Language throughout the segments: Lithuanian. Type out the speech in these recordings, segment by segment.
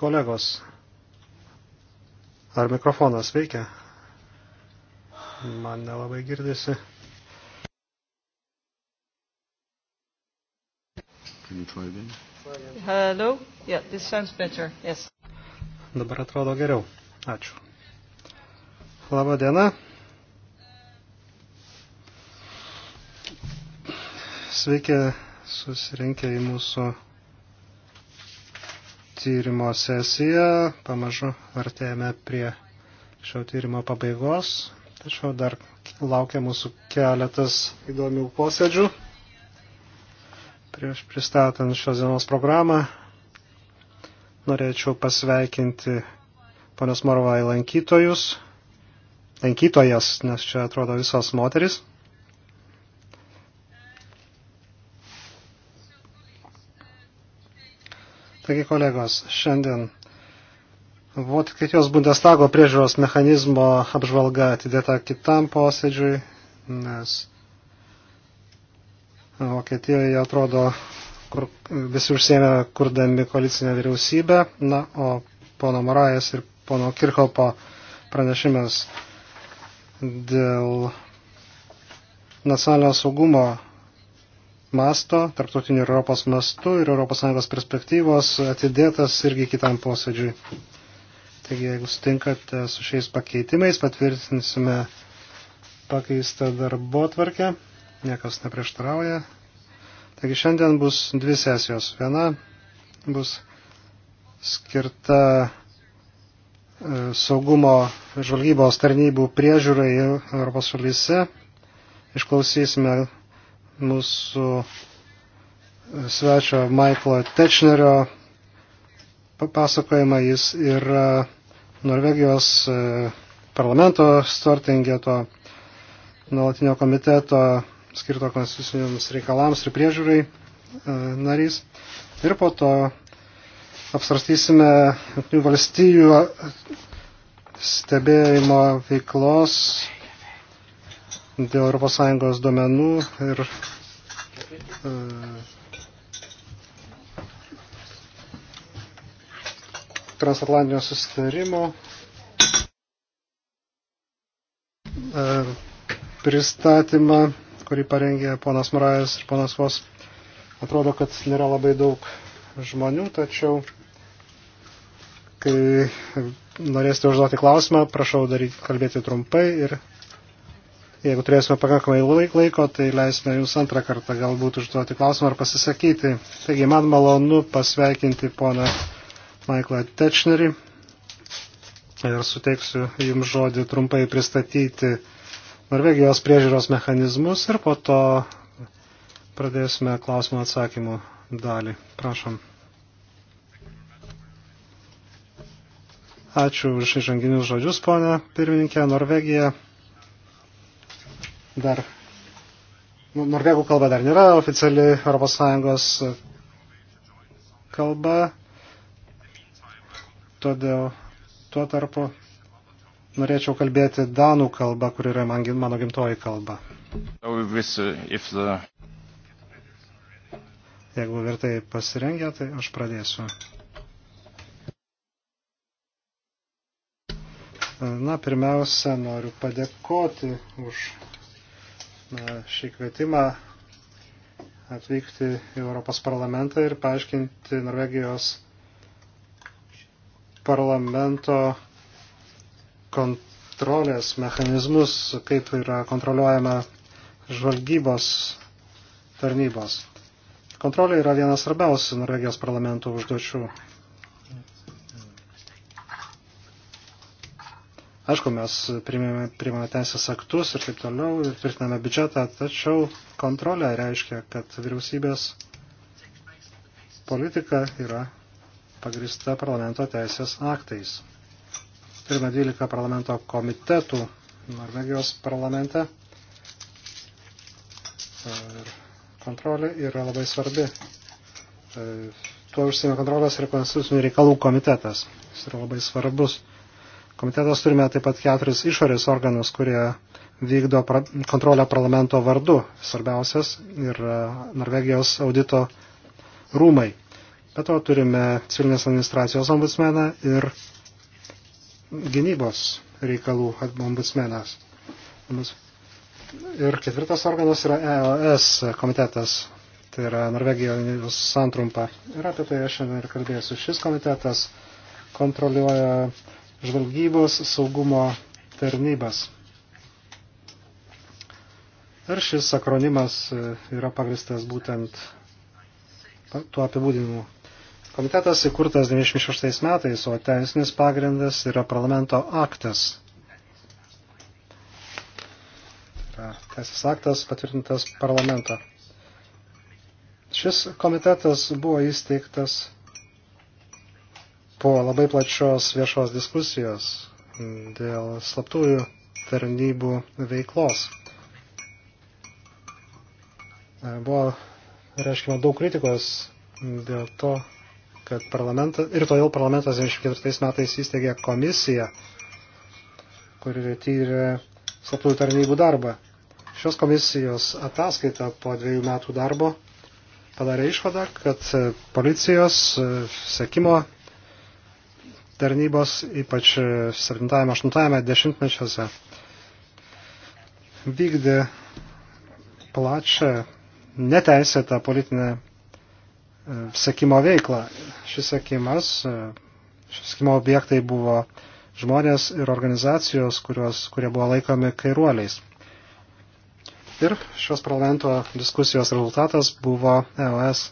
Kolegos, ar mikrofonas veikia? Man nelabai girdisi. Can you try again? Hello? Yeah, this sounds better. Yes. Dabar atrodo geriau. Ačiū. Labą dieną. Sveiki susirinkę į mūsų tyrimo sesiją. Pamažu artėjame prie šio tyrimo pabaigos. Tačiau dar laukia mūsų keletas įdomių posėdžių. Prieš pristatant šios dienos programą, norėčiau pasveikinti ponios Morvai lankytojus, lankytojas, nes čia atrodo visos moteris. Taigi, kolegos, šiandien Vokietijos Bundestago priežiūros mechanizmo apžvalga atidėta kitam posėdžiui, nes Vokietijoje atrodo, kur visi užsiemė kurdami koalicinę vyriausybę, na, o pono Morajas ir pono Kirchhopo pranešimas dėl nacionalinio saugumo masto, tarptautinių Europos mastų ir ES perspektyvos atidėtas irgi kitam posėdžiui. Taigi, jeigu sutinkate su šiais pakeitimais, patvirtinsime pakeistą darbo tvarkę, niekas neprieštarauja. Taigi šiandien bus dvi sesijos. Viena bus skirta e, saugumo žvalgybos tarnybų priežiūrai Europos šalyse. Išklausysime mūsų svečio Maiklo Tečnerio pasakojimą. Jis yra Norvegijos e, parlamento Stortingeto nuolatinio komiteto skirto konstituciniams reikalams ir priežiūrai e, narys. Ir po to apsvarstysime Junktinių valstijų stebėjimo veiklos dėl ES duomenų ir e, transatlantinio susitarimo e, pristatymą, kurį parengė ponas Marajas ir ponas Vos. Atrodo, kad nėra labai daug žmonių, tačiau kai norėsite užduoti klausimą, prašau daryti, kalbėti trumpai ir Jeigu turėsime pakankamai laiko, tai leisime jums antrą kartą galbūt užduoti klausimą ar pasisakyti. Taigi, man malonu pasveikinti poną Maiklą Tečnerį ir suteiksiu jums žodį trumpai pristatyti Norvegijos priežiūros mechanizmus ir po to pradėsime klausimų atsakymų dalį. Prašom. Ačiū už išanginius žodžius, ponia pirmininkė. Norvegija dar nu, norvegų kalba dar nėra oficiali ES kalba, todėl tuo tarpu norėčiau kalbėti danų kalba, kur yra man, mano gimtoji kalba. Uh, Jeigu vertai pasirengę, tai aš pradėsiu. Na, pirmiausia, noriu padėkoti už šį kvietimą atvykti į Europos parlamentą ir paaiškinti Norvegijos parlamento kontrolės mechanizmus, kaip yra kontroliuojama žvalgybos tarnybos. Kontrolė yra vienas svarbiausių Norvegijos parlamento užduočių. Aišku, mes primame, primame teisės aktus ir taip toliau ir tvirtiname biudžetą, tačiau kontrolė reiškia, kad vyriausybės politika yra pagrista parlamento teisės aktais. Turime 12 parlamento komitetų Norvegijos parlamente ir kontrolė yra labai svarbi. E, tuo užsienio kontrolės ir konstitucinių reikalų komitetas. Jis yra labai svarbus komitetas turime taip pat keturis išorės organus, kurie vykdo pra, kontrolę parlamento vardu. Svarbiausias ir Norvegijos audito rūmai. Be to turime civilinės administracijos ombudsmeną ir gynybos reikalų ombudsmenas. Ir ketvirtas organas yra EOS komitetas, tai yra Norvegijos santrumpa. Ir apie tai aš šiandien ir kalbėsiu. Šis komitetas kontroliuoja žvalgybos saugumo tarnybas. Ir šis akronimas e, yra pagristas būtent tuo apibūdinimu. Komitetas įkurtas 96 metais, o teisinis pagrindas yra parlamento aktas. Tai yra teisės aktas patvirtintas parlamento. Šis komitetas buvo įsteigtas po labai plačios viešos diskusijos dėl slaptųjų tarnybų veiklos. Buvo reiškima daug kritikos dėl to, kad parlamentas, ir todėl parlamentas 24 metais įsteigė komisiją, kuri tyrė slaptųjų tarnybų darbą. Šios komisijos ataskaita po dviejų metų darbo padarė išvadą, kad policijos sekimo tarnybos, ypač 7-8 dešimtmečiuose, vykdė plačią neteisėtą politinę e, sekimo veiklą. Šis sekimas, e, šis sekimo objektai buvo žmonės ir organizacijos, kurios, kurie buvo laikomi kairuoliais. Ir šios parlamento diskusijos rezultatas buvo EOS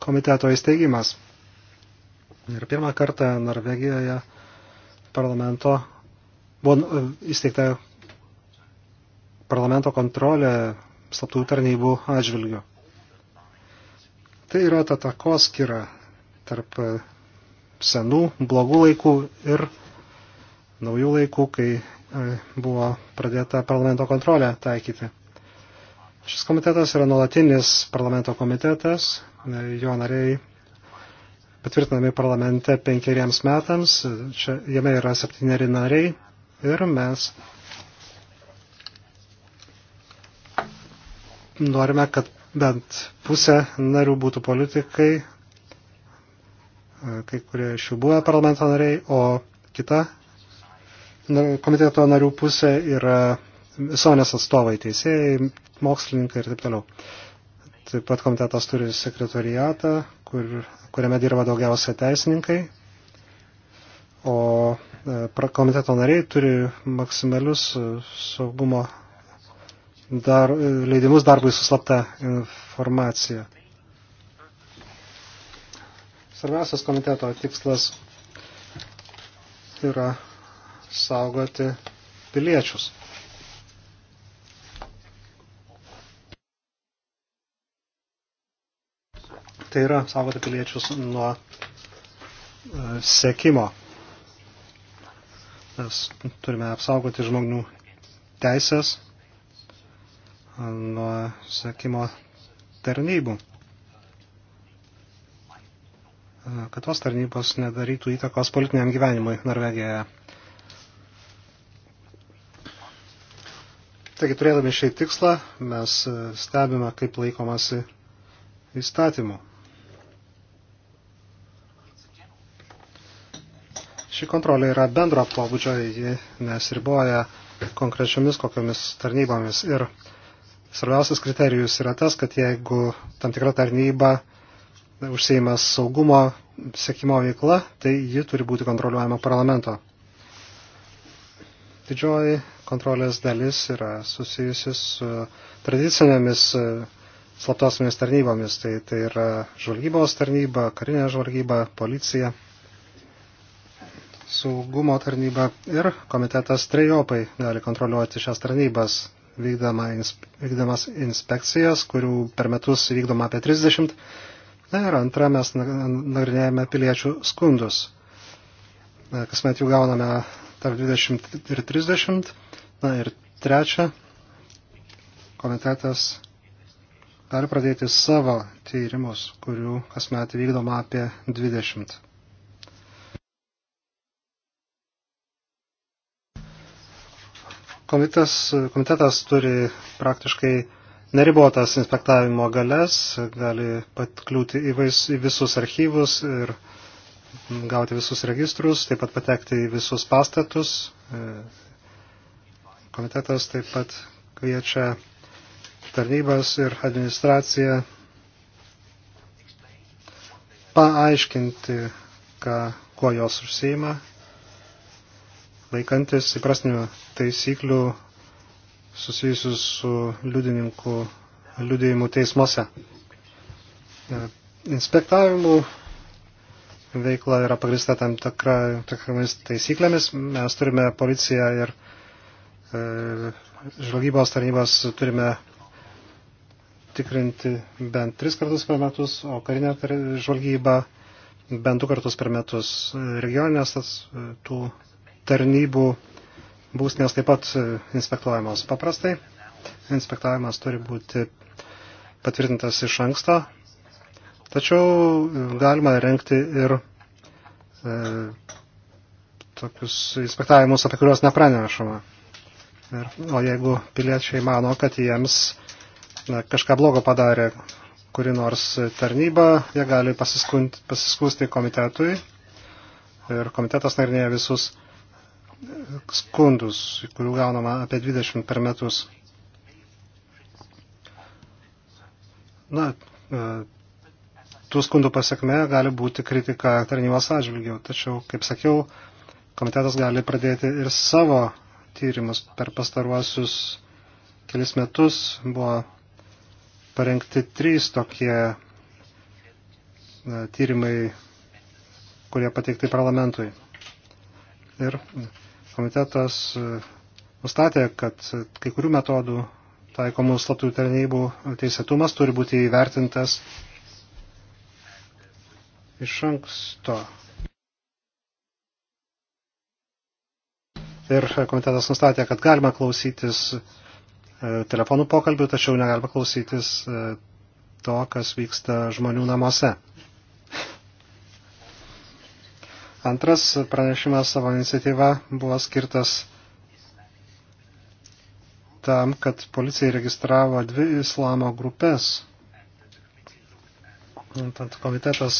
komiteto įsteigimas. Ir pirmą kartą Norvegijoje parlamento buvo e, įsteigta parlamento kontrolė slaptų tarnybų atžvilgių. Tai yra ta takoskira tarp e, senų, blogų laikų ir naujų laikų, kai e, buvo pradėta parlamento kontrolė taikyti. Šis komitetas yra nuolatinis parlamento komitetas, jo nariai patvirtinami parlamente penkeriems metams. Čia jame yra septyneri nariai ir mes norime, kad bent pusė narių būtų politikai, kai kurie iš jų buvę parlamento nariai, o kita komiteto narių pusė yra visuomenės atstovai, teisėjai, mokslininkai ir taip toliau. Taip pat komitetas turi sekretoriatą, kur, kuriame dirba daugiausia teisininkai, o e, komiteto nariai turi maksimalius e, saugumo dar, e, leidimus darbui suslapta informacija. Svarbiausias komiteto tikslas yra saugoti piliečius. tai yra saugoti piliečius nuo e, sekimo. Mes turime apsaugoti žmonių teisės e, nuo sekimo tarnybų. E, kad tos tarnybos nedarytų įtakos politiniam gyvenimui Norvegijoje. Taigi turėdami šį tikslą mes stebime, kaip laikomasi įstatymų. Ši kontrolė yra bendro pobūdžio, ji nesriboja konkrečiomis kokiomis tarnybomis. Ir svarbiausias kriterijus yra tas, kad jeigu tam tikra tarnyba užsieima saugumo sėkimo veikla, tai ji turi būti kontroliuojama parlamento. Didžioji kontrolės dalis yra susijusi su tradicinėmis e, slaptosiamis tarnybomis. Tai, tai yra žvalgybos tarnyba, karinė žvalgyba, policija saugumo tarnyba ir komitetas trejopai gali kontroliuoti šias tarnybas, vykdama, vykdamas inspekcijas, kurių per metus vykdoma apie 30. Na ir antra, mes nagrinėjame piliečių skundus. Kasmet jų gauname tarp 20 ir 30. Na ir trečia, komitetas gali pradėti savo tyrimus, kurių kasmet vykdoma apie 20. Komitas, komitetas turi praktiškai neribotas inspektavimo galias, gali patkliūti į, vais, į visus archyvus ir gauti visus registrus, taip pat patekti į visus pastatus. E, komitetas taip pat kviečia tarnybas ir administraciją paaiškinti, ką, kuo jos užsieima laikantis įprastinių taisyklių susijusių su liudininkų liudėjimų teismuose. E, inspektavimų veikla yra pagrista tam tikra, tikromis taisyklėmis. Mes turime policiją ir e, žvalgybos tarnybos turime tikrinti bent tris kartus per metus, o karinė žvalgyba bent du kartus per metus. E, regioninės tas, tų tarnybų būsnės taip pat e, inspektuojamos. Paprastai inspektavimas turi būti patvirtintas iš anksto, tačiau e, galima renkti ir e, tokius inspektavimus, apie kuriuos nepranešama. Ir, o jeigu piliečiai mano, kad jiems na, kažką blogo padarė kuri nors tarnyba, jie gali pasiskūsti komitetui ir komitetas nagrinėja visus skundus, kurių gaunama apie 20 per metus. Na, e, tų skundų pasiekme gali būti kritika tarnybos atžvilgių, tačiau, kaip sakiau, komitetas gali pradėti ir savo tyrimus. Per pastaruosius kelis metus buvo parengti trys tokie e, tyrimai, kurie pateikti parlamentui. Ir komitetas e, nustatė, kad kai kurių metodų taikomų slaptųjų tarnybų teisėtumas turi būti įvertintas iš anksto. Ir komitetas nustatė, kad galima klausytis e, telefonų pokalbių, tačiau negalima klausytis e, to, kas vyksta žmonių namuose. Antras pranešimas savo iniciatyva buvo skirtas tam, kad policija registravo dvi islamo grupės. Tad komitetas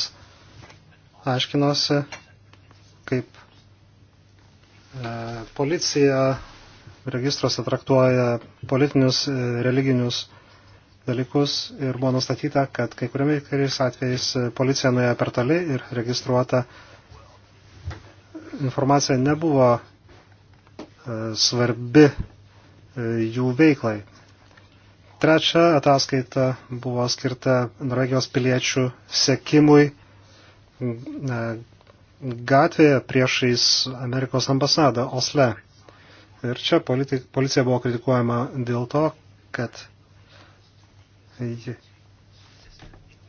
aiškinosi, kaip e, policija registruose traktuoja politinius, e, religinius dalykus ir buvo nustatyta, kad kai kuriamis atvejais policija nuėjo per toli ir registruota e, informacija nebuvo e, svarbi e, jų veiklai. Trečia ataskaita buvo skirta Norvegijos piliečių sekimui e, gatvėje priešais Amerikos ambasadą Osle. Ir čia politi, policija buvo kritikuojama dėl to, kad ji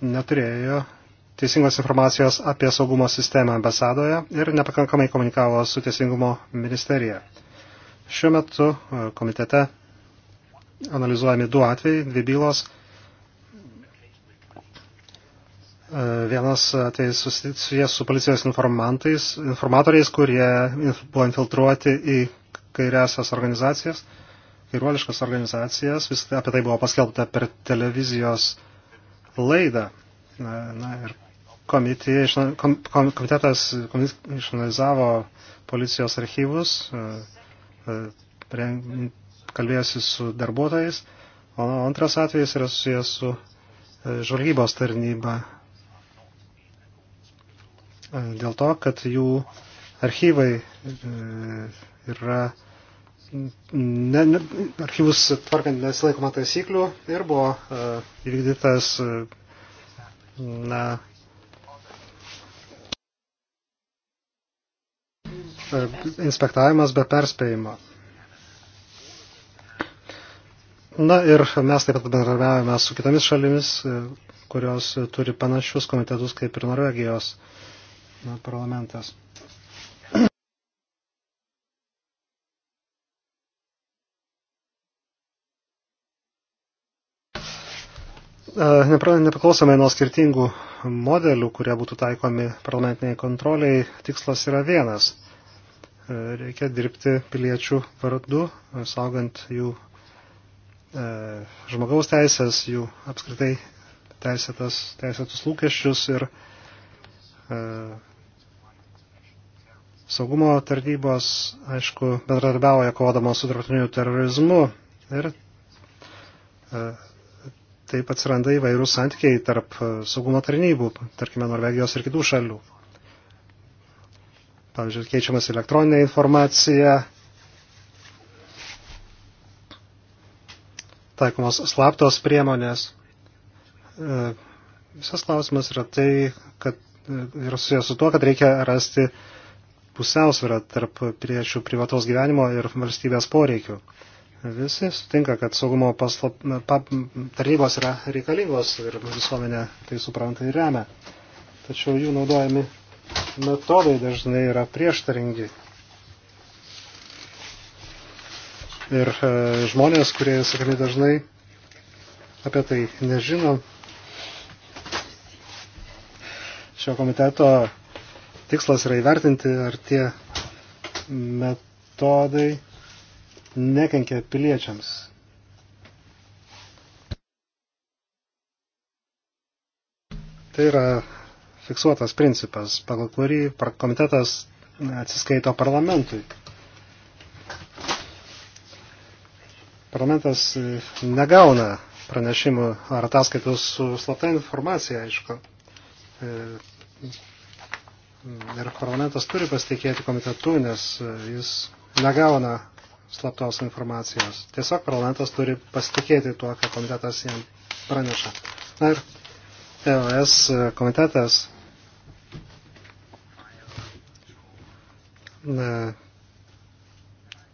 neturėjo teisingos informacijos apie saugumo sistemą ambasadoje ir nepakankamai komunikavo su teisingumo ministerija. Šiuo metu e, komitete analizuojami du atvejai, dvi bylos. E, vienas atvejis susijęs su policijos informantais, informatoriais, kurie buvo infiltruoti į kairiasias organizacijas, kairuoliškas organizacijas. Vis apie tai buvo paskelbta per televizijos laidą. Na, na ir komitė, kom, komitetas išanalizavo policijos archyvus, e, e, kalbėjosi su darbuotojais, o antras atvejis yra susijęs su e, žvalgybos tarnyba. Dėl to, kad jų archyvai yra ne, ne, archyvus tvarkant nesilaikoma taisyklių ir buvo įvykdytas na, E, inspektavimas be perspėjimo. Na ir mes taip pat bendravėjome su kitomis šalimis, e, kurios turi panašius komitetus kaip ir Norvegijos na, parlamentas. E, nepriklausomai nuo skirtingų modelių, kurie būtų taikomi parlamentiniai kontroliai, tikslas yra vienas E, reikia dirbti piliečių vardu, e, saugant jų e, žmogaus teisės, jų apskritai teisėtas, teisėtus lūkesčius ir e, saugumo tarnybos, aišku, bendradarbiauja kovodamos su tarptautiniu terorizmu ir e, taip atsiranda įvairūs santykiai tarp e, saugumo tarnybų, tarkime, Norvegijos ir kitų šalių pavyzdžiui, keičiamas elektroninė informacija, taikomos slaptos priemonės. E, visas klausimas yra tai, kad e, yra susijęs su tuo, kad reikia rasti pusiausvyrą tarp priešių privataus gyvenimo ir valstybės poreikių. Visi sutinka, kad saugumo paslap, pap, tarnybos yra reikalingos ir visuomenė tai supranta ir remia. Tačiau jų naudojami metodai dažnai yra prieštaringi. Ir e, žmonės, kurie, sakykime, dažnai apie tai nežino, šio komiteto tikslas yra įvertinti, ar tie metodai nekenkia piliečiams. Tai yra fiksuotas principas, pagal kurį komitetas atsiskaito parlamentui. Parlamentas e, negauna pranešimų ar ataskaitų su slapta informacija, aišku. E, ir parlamentas turi pasitikėti komitetu, nes e, jis negauna slaptos informacijos. Tiesiog parlamentas turi pasitikėti tuo, ką komitetas jam praneša. Na ir EOS komitetas na,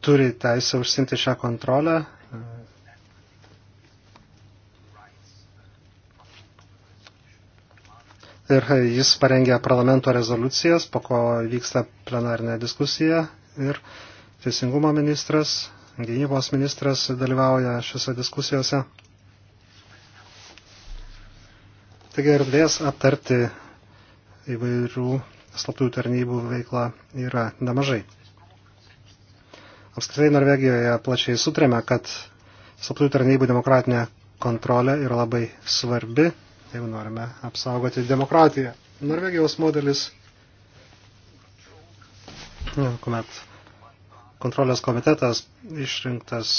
turi teisę užsimti šią kontrolę. Ir jis parengė parlamento rezoliucijas, po ko vyksta plenarinė diskusija ir teisingumo ministras, gynybos ministras dalyvauja šiuose diskusijose. Taigi erdvės aptarti įvairių slaptųjų tarnybų veikla yra nemažai. Apskritai Norvegijoje plačiai sutrėme, kad slaptųjų tarnybų demokratinė kontrolė yra labai svarbi, jeigu norime apsaugoti demokratiją. Norvegijos modelis, kuomet kontrolės komitetas išrinktas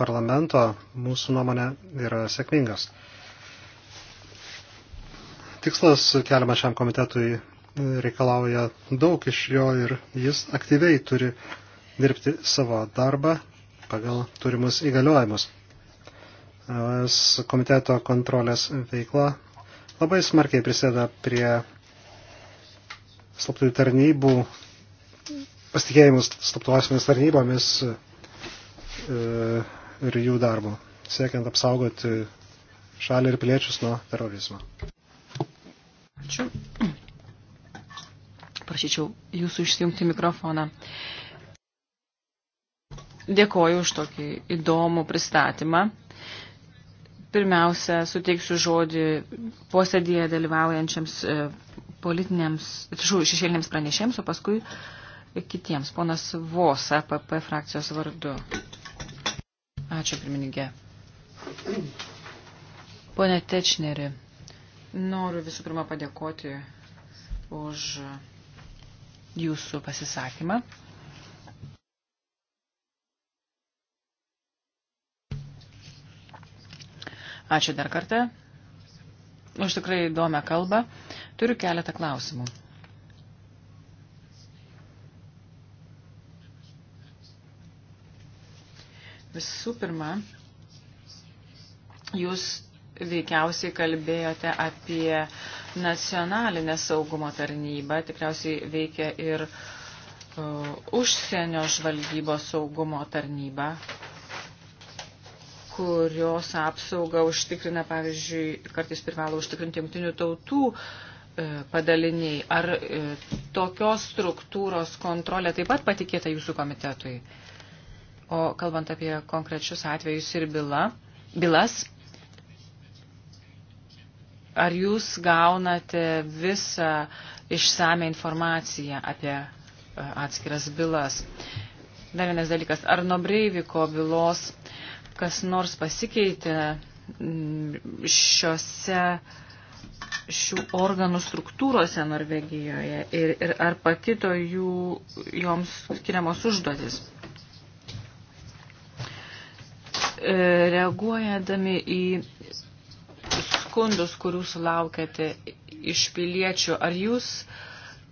parlamento, mūsų nuomonė yra sėkmingas. Tikslas keliamas šiam komitetui reikalauja daug iš jo ir jis aktyviai turi dirbti savo darbą pagal turimus įgaliojimus. ES komiteto kontrolės veikla labai smarkiai prisėda prie slaptųjų tarnybų, pasitikėjimus slaptuosiamis tarnybomis e, ir jų darbo, siekiant apsaugoti šalį ir piliečius nuo terorizmo. Ačiū. Prašyčiau jūsų išsijungti mikrofoną. Dėkoju už tokį įdomų pristatymą. Pirmiausia, suteiksiu žodį posėdėje dalyvaujančiams e, politiniams, atsiprašau, šešėliniams pranešėjams, o paskui kitiems. Ponas Vos, APP e frakcijos vardu. Ačiū, pirmininkė. Pone Tečneri, noriu visų pirma padėkoti už jūsų pasisakymą. Ačiū dar kartą. Už tikrai įdomią kalbą. Turiu keletą klausimų. Visų pirma, jūs veikiausiai kalbėjote apie uh, nacionalinė saugumo tarnyba, tikriausiai veikia ir uh, užsienio žvalgybos saugumo tarnyba, kurios apsaugą užtikrina, pavyzdžiui, kartais privalo užtikrinti jungtinių tautų uh, padaliniai. Ar uh, tokios struktūros kontrolė taip pat patikėta jūsų komitetui? O kalbant apie konkrečius atvejus ir byla, bylas, Ar jūs gaunate visą išsame informaciją apie e, atskiras bylas? Dar vienas dalykas. Ar nuo Breiviko bylos kas nors pasikeitė mm, šiuose šių organų struktūrose Norvegijoje ir, ir ar pakito jų, joms skiriamos užduotis? E, reaguojadami į skundus, kurių sulaukėte iš piliečių, ar jūs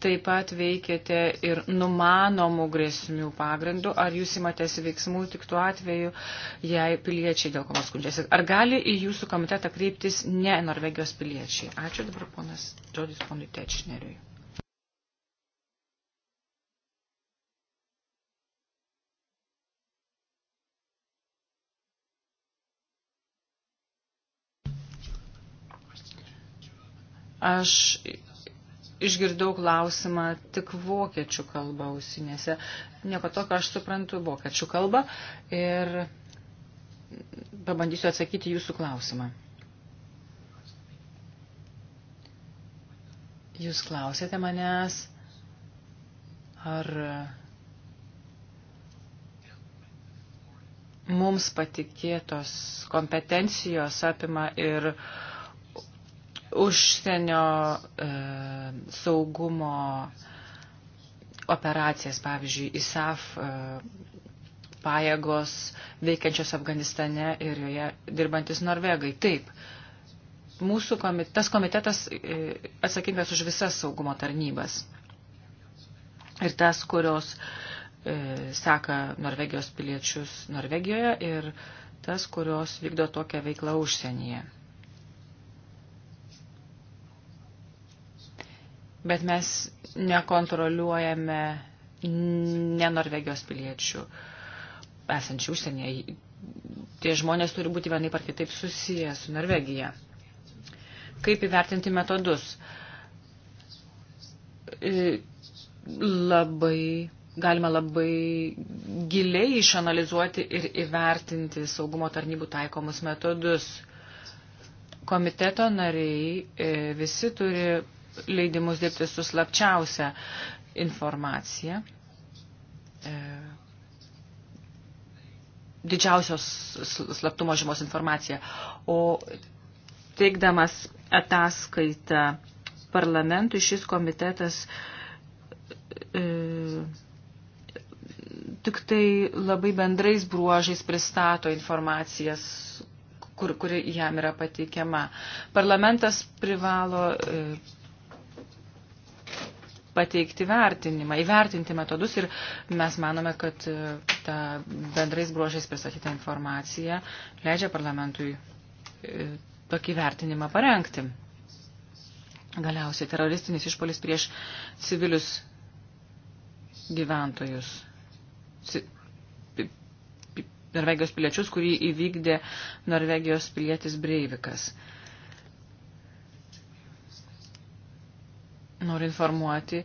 taip pat veikiate ir numanomų grėsmių pagrindų, ar jūs imatės veiksmų tik tuo atveju, jei piliečiai dėl ko nors skundžiasi. Ar gali į jūsų komitetą kreiptis ne Norvegijos piliečiai? Ačiū dabar ponas Džodis ponui Tečneriui. Aš išgirdau klausimą tik vokiečių kalba ausinėse. Nieko tokio, aš suprantu vokiečių kalbą ir pabandysiu atsakyti jūsų klausimą. Jūs klausėte manęs, ar mums patikėtos kompetencijos apima ir uh, užsienio e, saugumo operacijas, pavyzdžiui, ISAF e, pajėgos veikiančios Afganistane ir joje dirbantis Norvegai. Taip, mūsų komit tas komitetas e, atsakingas už visas saugumo tarnybas. Ir tas, kurios e, seka Norvegijos piliečius Norvegijoje ir tas, kurios vykdo tokią veiklą užsienyje. bet mes nekontroliuojame ne Norvegijos piliečių esančių užsienyje. Tie žmonės turi būti vienaip ar kitaip susiję su Norvegija. Kaip įvertinti metodus? E, labai, galima labai giliai išanalizuoti ir įvertinti saugumo tarnybų taikomus metodus. Komiteto nariai e, visi turi leidimus dirbti su slapčiausia informacija. E, didžiausios slaptumo žymos informacija. O teikdamas ataskaitą parlamentui, šis komitetas e, tik tai labai bendrais bruožais pristato informacijas, kur, kuri jam yra pateikiama. Parlamentas privalo e, pateikti vertinimą, įvertinti metodus ir mes manome, kad e, ta bendrais bruožais pristatyta informacija leidžia parlamentui e, tokį vertinimą parengti. Galiausiai teroristinis išpolis prieš civilius gyventojus, Norvegijos piliečius, kurį įvykdė Norvegijos pilietis Breivikas. Uh, noriu informuoti.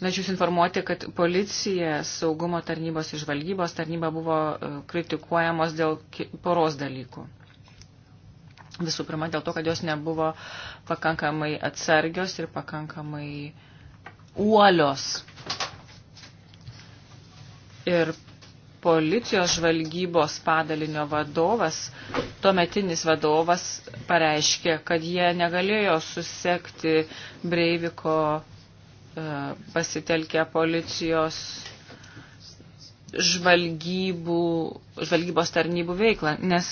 Norėčiau jūs informuoti, kad policija, saugumo tarnybos ir žvalgybos tarnyba buvo e, kritikuojamos dėl poros dalykų. Visų pirma, dėl to, kad jos nebuvo pakankamai atsargios ir pakankamai uolios. Ir policijos žvalgybos padalinio vadovas, tuometinis vadovas pareiškė, kad jie negalėjo susekti Breiviko e, pasitelkę policijos žvalgybų, žvalgybos tarnybų veiklą, nes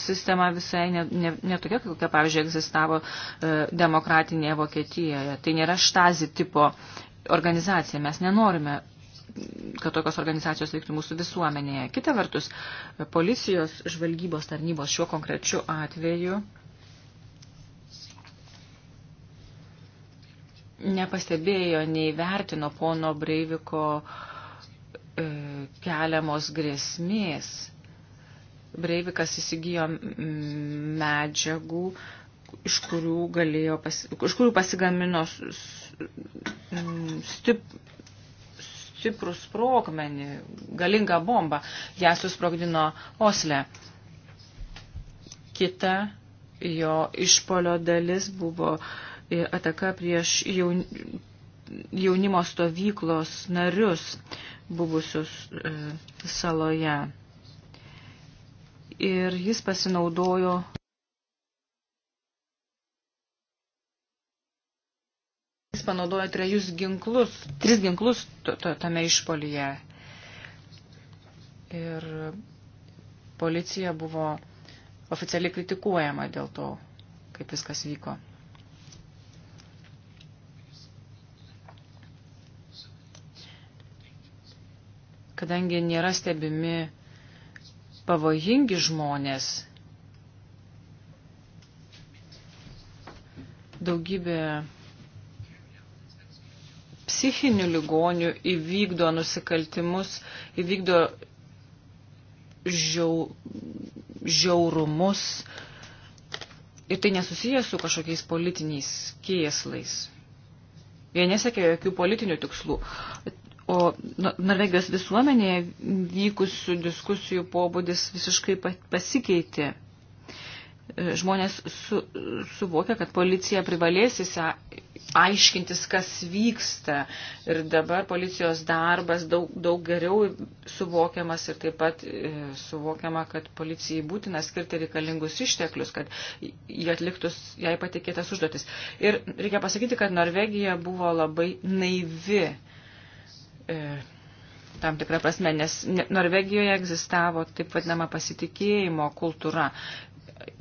sistema visai netokia, ne, ne, ne tokia, kokia, pavyzdžiui, egzistavo e, demokratinėje Vokietijoje. Tai nėra štazi tipo organizacija, mes nenorime kad tokios organizacijos veiktų mūsų visuomenėje. Kita vertus, policijos žvalgybos tarnybos šiuo konkrečiu atveju nepastebėjo, neįvertino pono Breiviko e, keliamos grėsmės. Breivikas įsigijo medžiagų, iš kurių, galėjo, pas, iš kurių pasigamino stip, stiprų sprogmenį, galingą bombą. Ją susprogdino Osle. Kita jo išpolio dalis buvo e, ataka prieš jaunimo stovyklos narius buvusius e, saloje. Ir jis pasinaudojo jis panaudojo trejus ginklus, tris ginklus tame išpolyje. Ir policija buvo oficialiai kritikuojama dėl to, kaip viskas vyko. Kadangi nėra stebimi pavojingi žmonės, daugybė psichinių ligonių įvykdo nusikaltimus, įvykdo žiau, žiaurumus. Ir tai nesusijęs su kažkokiais politiniais kėslais. Jie nesiekia jokių politinių tikslų. O nu, Norvegijos visuomenėje vykusių diskusijų pobūdis visiškai pasikeitė žmonės su, suvokia, kad policija privalės aiškintis, kas vyksta. Ir dabar policijos darbas daug, daug geriau suvokiamas ir taip pat e, suvokiama, kad policijai būtina skirti reikalingus išteklius, kad jie atliktus jai patikėtas užduotis. Ir reikia pasakyti, kad Norvegija buvo labai naivi. E, tam tikrą prasme, nes Norvegijoje egzistavo taip vadinama pasitikėjimo kultūra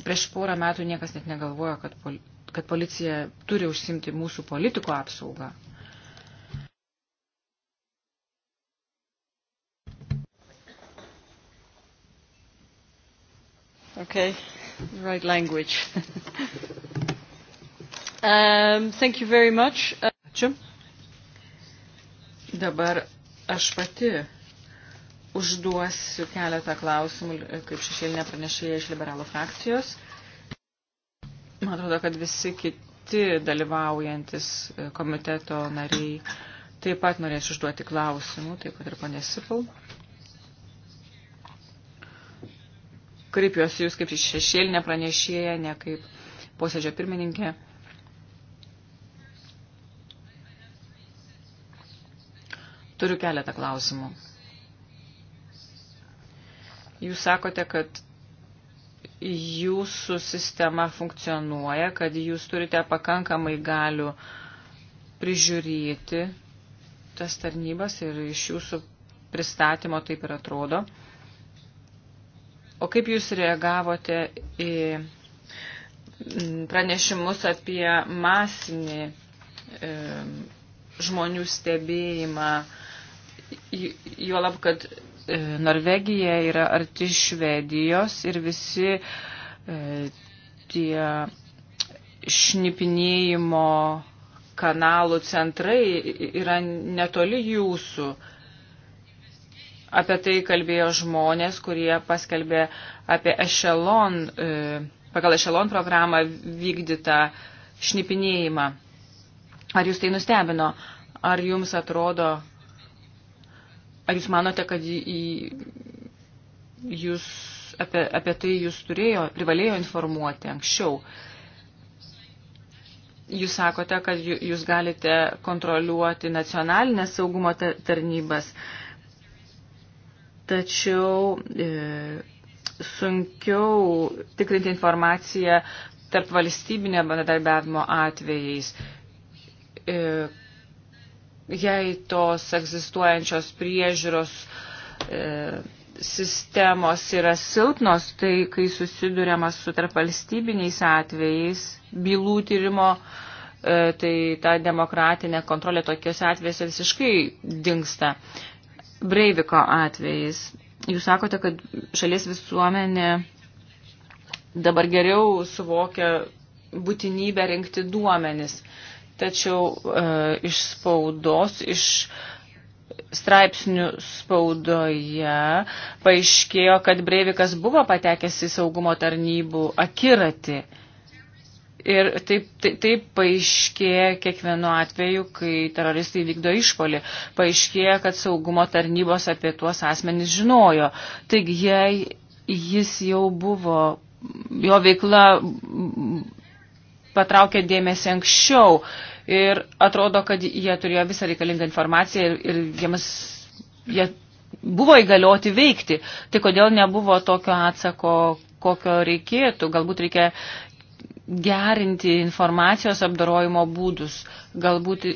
prieš porą metų niekas net negalvojo, kad, pol, kad policija turi užsimti mūsų politiko apsaugą. Okay, right language. um, thank you very much. Ačiū. Dabar aš pati užduosiu keletą klausimų, kaip šešėlinė pranešėja iš liberalų frakcijos. Man atrodo, kad visi kiti dalyvaujantis komiteto nariai taip pat norės užduoti klausimų, taip pat ir panesipal. Kreipiuosi jūs kaip šešėlinė pranešėja, ne kaip posėdžio pirmininkė. Turiu keletą klausimų. Jūs sakote, kad jūsų sistema funkcionuoja, kad jūs turite pakankamai galių prižiūrėti tas tarnybas ir iš jūsų pristatymo taip ir atrodo. O kaip jūs reagavote į pranešimus apie masinį e, žmonių stebėjimą, juolab, kad E, Norvegija yra arti Švedijos ir visi e, tie šnipinėjimo kanalų centrai yra netoli jūsų. Apie tai kalbėjo žmonės, kurie paskelbė apie ešelon, e, pagal ešelon programą vykdytą šnipinėjimą. Ar jūs tai nustebino? Ar jums atrodo, Ar jūs manote, kad į, jūs, apie, apie tai jūs turėjo, privalėjo informuoti anksčiau? Jūs sakote, kad jūs galite kontroliuoti nacionalinės saugumo tarnybas, tačiau e, sunkiau tikrinti informaciją tarp valstybinio bendradarbiavimo atvejais. E, jei tos egzistuojančios priežiūros e, sistemos yra silpnos, tai kai susidurėmas su tarpvalstybiniais atvejais, bylų tyrimo, e, tai ta demokratinė kontrolė tokiuose atvejuose visiškai dinksta. Breiviko atvejais. Jūs sakote, kad šalies visuomenė dabar geriau suvokia būtinybę rinkti duomenis. E, tačiau e, iš spaudos, iš straipsnių spaudoje paaiškėjo, kad Breivikas buvo patekęs į saugumo tarnybų akiratį. Ir taip, taip, taip paaiškėja kiekvienu atveju, kai teroristai vykdo išpolį, paaiškėja, kad saugumo tarnybos apie tuos asmenys žinojo. Taigi, jei jis jau buvo, jo veikla patraukė dėmesį anksčiau, ir atrodo, kad jie turėjo visą reikalingą informaciją ir, ir jiems jie buvo įgalioti veikti. Tai kodėl nebuvo tokio atsako, kokio reikėtų? Galbūt reikia gerinti informacijos apdarojimo būdus. Galbūt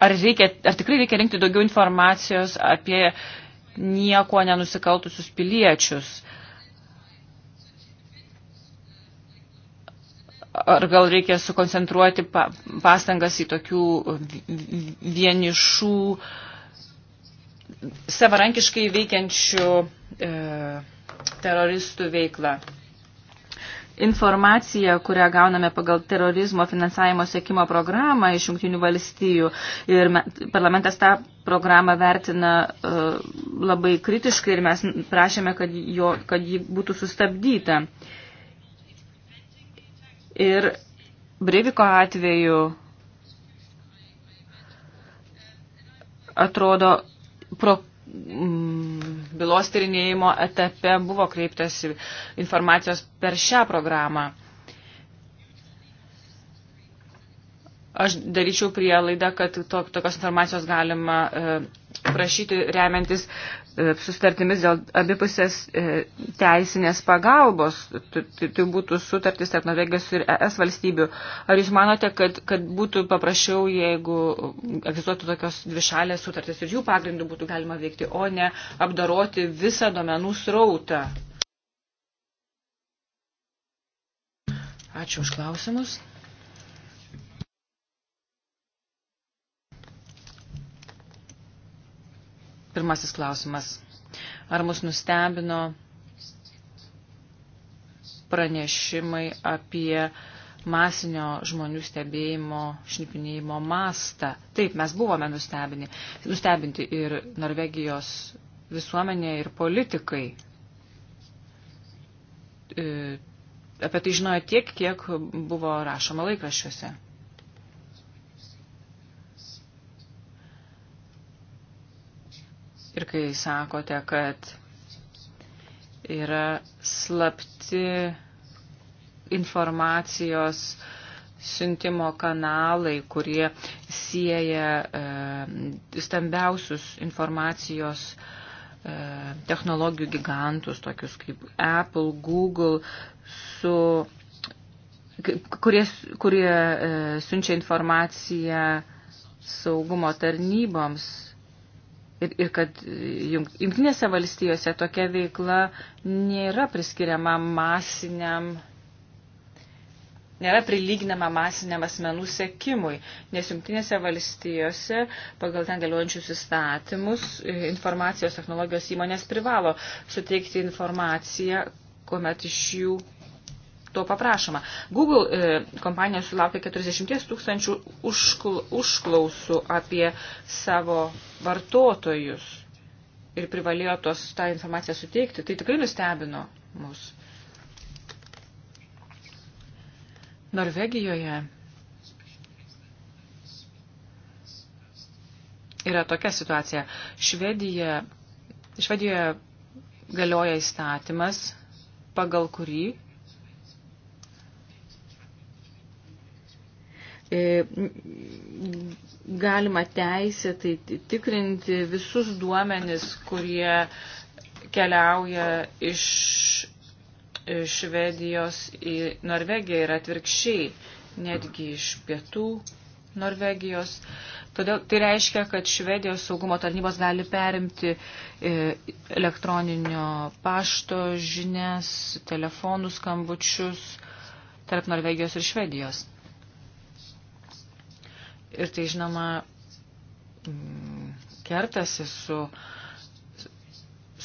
ar, reikia, ar tikrai reikia rinkti daugiau informacijos apie nieko nenusikaltusius piliečius? Uh, ar gal reikia sukoncentruoti pastangas į tokių vienišų, savarankiškai veikiančių e, teroristų veiklą. Informacija, kurią gauname pagal terorizmo finansavimo sėkimo programą iš jungtinių valstijų ir parlamentas tą programą vertina e, labai kritiškai ir mes prašėme, kad, jo, kad ji būtų sustabdyta. E, Ir Breiviko atveju atrodo pro, mm, bylos tyrinėjimo etape buvo kreiptas informacijos per šią programą. Aš daryčiau prielaidą, kad to, tokios informacijos galima e, prašyti remiantis E, sustartimis dėl abipusės e, teisinės pagalbos. Tai, tai, tai būtų sutartis tarp Norvegijos ir ES valstybių. Ar jūs manote, kad, kad būtų paprasčiau, jeigu egzistuotų tokios dvišalės sutartis ir jų pagrindų būtų galima veikti, o ne apdaroti visą domenų srautą? Ačiū už klausimus. Pirmasis klausimas. Ar mus nustebino pranešimai apie masinio žmonių stebėjimo, šnipinėjimo mastą. Taip, mes buvome nustebinti, nustebinti ir Norvegijos visuomenė ir politikai. E, apie tai žinojo tiek, kiek buvo rašoma laikraščiuose. ir kai sakote, kad yra slapti informacijos siuntimo kanalai, kurie sieja e, stambiausius informacijos e, technologijų gigantus, tokius kaip Apple, Google, su, kurie, kurie e, siunčia informaciją saugumo tarnyboms ir, ir kad jungtinėse valstijose tokia veikla nėra priskiriama masiniam, nėra prilyginama masiniam asmenų sekimui, nes jungtinėse valstijose pagal ten galiojančius įstatymus e, informacijos technologijos įmonės privalo suteikti informaciją, kuomet iš jų to paprašoma. Google e, kompanija sulaukė 40 tūkstančių užkl, užklausų apie savo vartotojus ir privalėjo tos, tą informaciją suteikti. Tai tikrai nustebino mus. Norvegijoje yra tokia situacija. Švedija, Švedijoje galioja įstatymas, pagal kurį E, galima teisė tai tikrinti visus duomenis, kurie keliauja iš Švedijos į Norvegiją ir atvirkščiai, netgi iš pietų Norvegijos. Todėl tai reiškia, kad Švedijos saugumo tarnybos gali perimti e, elektroninio pašto žinias, telefonų skambučius tarp Norvegijos ir Švedijos. Ir tai, žinoma, mm, kertasi su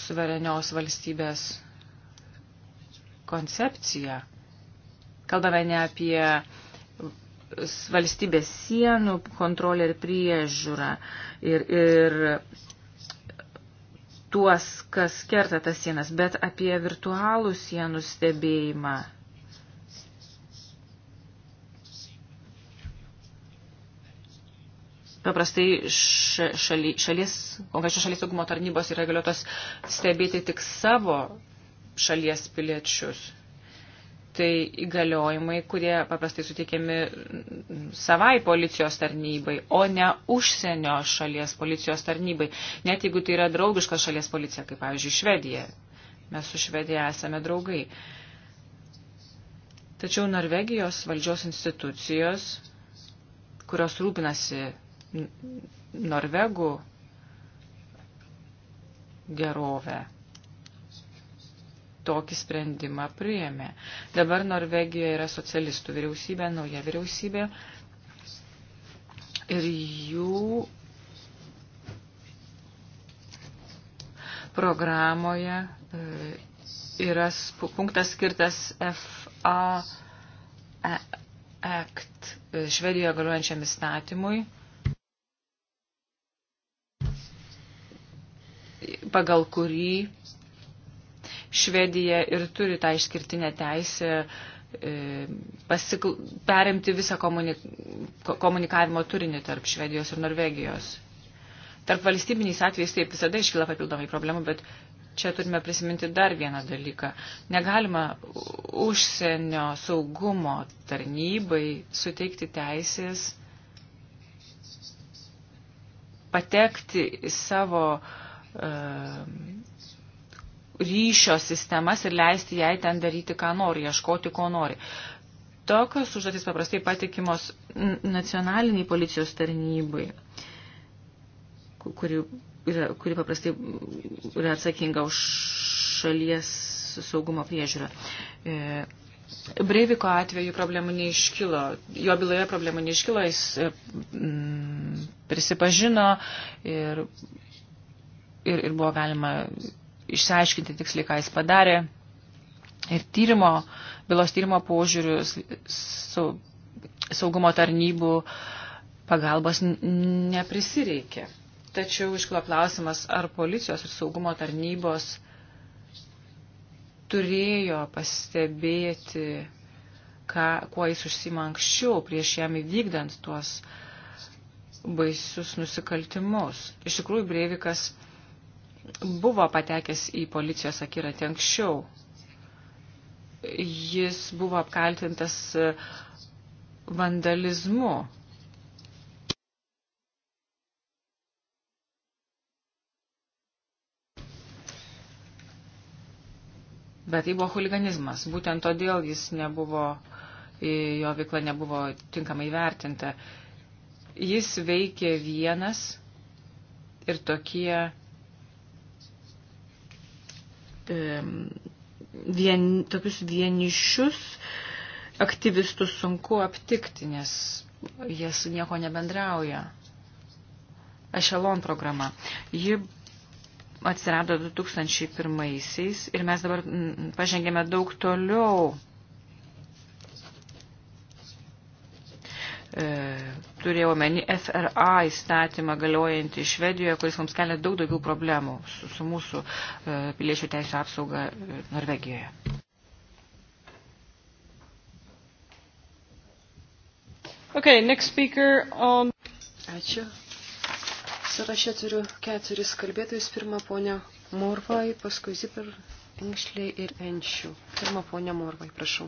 suverenios valstybės koncepcija. Kalbame ne apie valstybės sienų kontrolę ir priežiūrą ir, ir tuos, kas kerta tas sienas, bet apie virtualų sienų stebėjimą Paprastai šali, šalies, konkrečios šalies saugumo tarnybos yra galėtos stebėti tik savo šalies piliečius. Tai įgaliojimai, kurie paprastai suteikiami savai policijos tarnybai, o ne užsienio šalies policijos tarnybai, net jeigu tai yra draugiška šalies policija, kaip pavyzdžiui Švedija. Mes su Švedija esame draugai. Tačiau Norvegijos valdžios institucijos kurios rūpinasi norvegų gerovę. Tokį sprendimą priėmė. Dabar Norvegijoje yra socialistų vyriausybė, nauja vyriausybė. Ir jų programoje e, yra punktas skirtas FA e Act e, Švedijoje galiuojančiam įstatymui pagal kurį Švedija ir turi tą išskirtinę teisę e, pasikl... perimti visą komunik... komunikavimo turinį tarp Švedijos ir Norvegijos. Tarp valstybiniais atvejais taip visada iškyla papildomai problemų, bet čia turime prisiminti dar vieną dalyką. Negalima užsienio saugumo tarnybai suteikti teisės patekti į savo uh, Um, ryšio sistemas ir leisti jai ten daryti, ką nori, ieškoti, ko nori. Tokios užduotis paprastai patikimos nacionaliniai policijos tarnybai, kuri, yra, kuri paprastai yra atsakinga už šalies saugumo priežiūrą. E, Breiviko atveju problemų neiškilo, jo byloje problemų neiškilo, jis mm, prisipažino ir ir, ir buvo galima išsiaiškinti tiksliai, ką jis padarė. Ir tyrimo, bylos tyrimo požiūrių su, saugumo tarnybų pagalbos neprisireikė. Tačiau iškilo klausimas, ar policijos ir saugumo tarnybos turėjo pastebėti, ką, kuo jis užsima anksčiau, prieš jam įvykdant tuos baisius nusikaltimus. Iš tikrųjų, Breivikas buvo patekęs į policijos akiratį anksčiau. Jis buvo apkaltintas e, vandalizmu. Bet tai buvo huliganizmas. Būtent todėl jis nebuvo, e, jo veikla nebuvo tinkamai vertinta. Jis veikė vienas ir tokie vien, tokius vienišius aktyvistus sunku aptikti, nes jie su nieko nebendrauja. Ešelon programa. Ji atsirado 2001 ir mes dabar pažengėme daug toliau. E, turėjau meni FRA įstatymą galiojantį Švedijoje, kuris mums kelia daug daugiau problemų su, su mūsų e, piliečių teisų apsauga e, Norvegijoje. Okay, next speaker on... Ačiū. Sarašė turiu keturis kalbėtojus. Pirma ponia Morvai, paskui Zipper, Engšlė ir Enšių. Pirma ponia Morvai, prašau.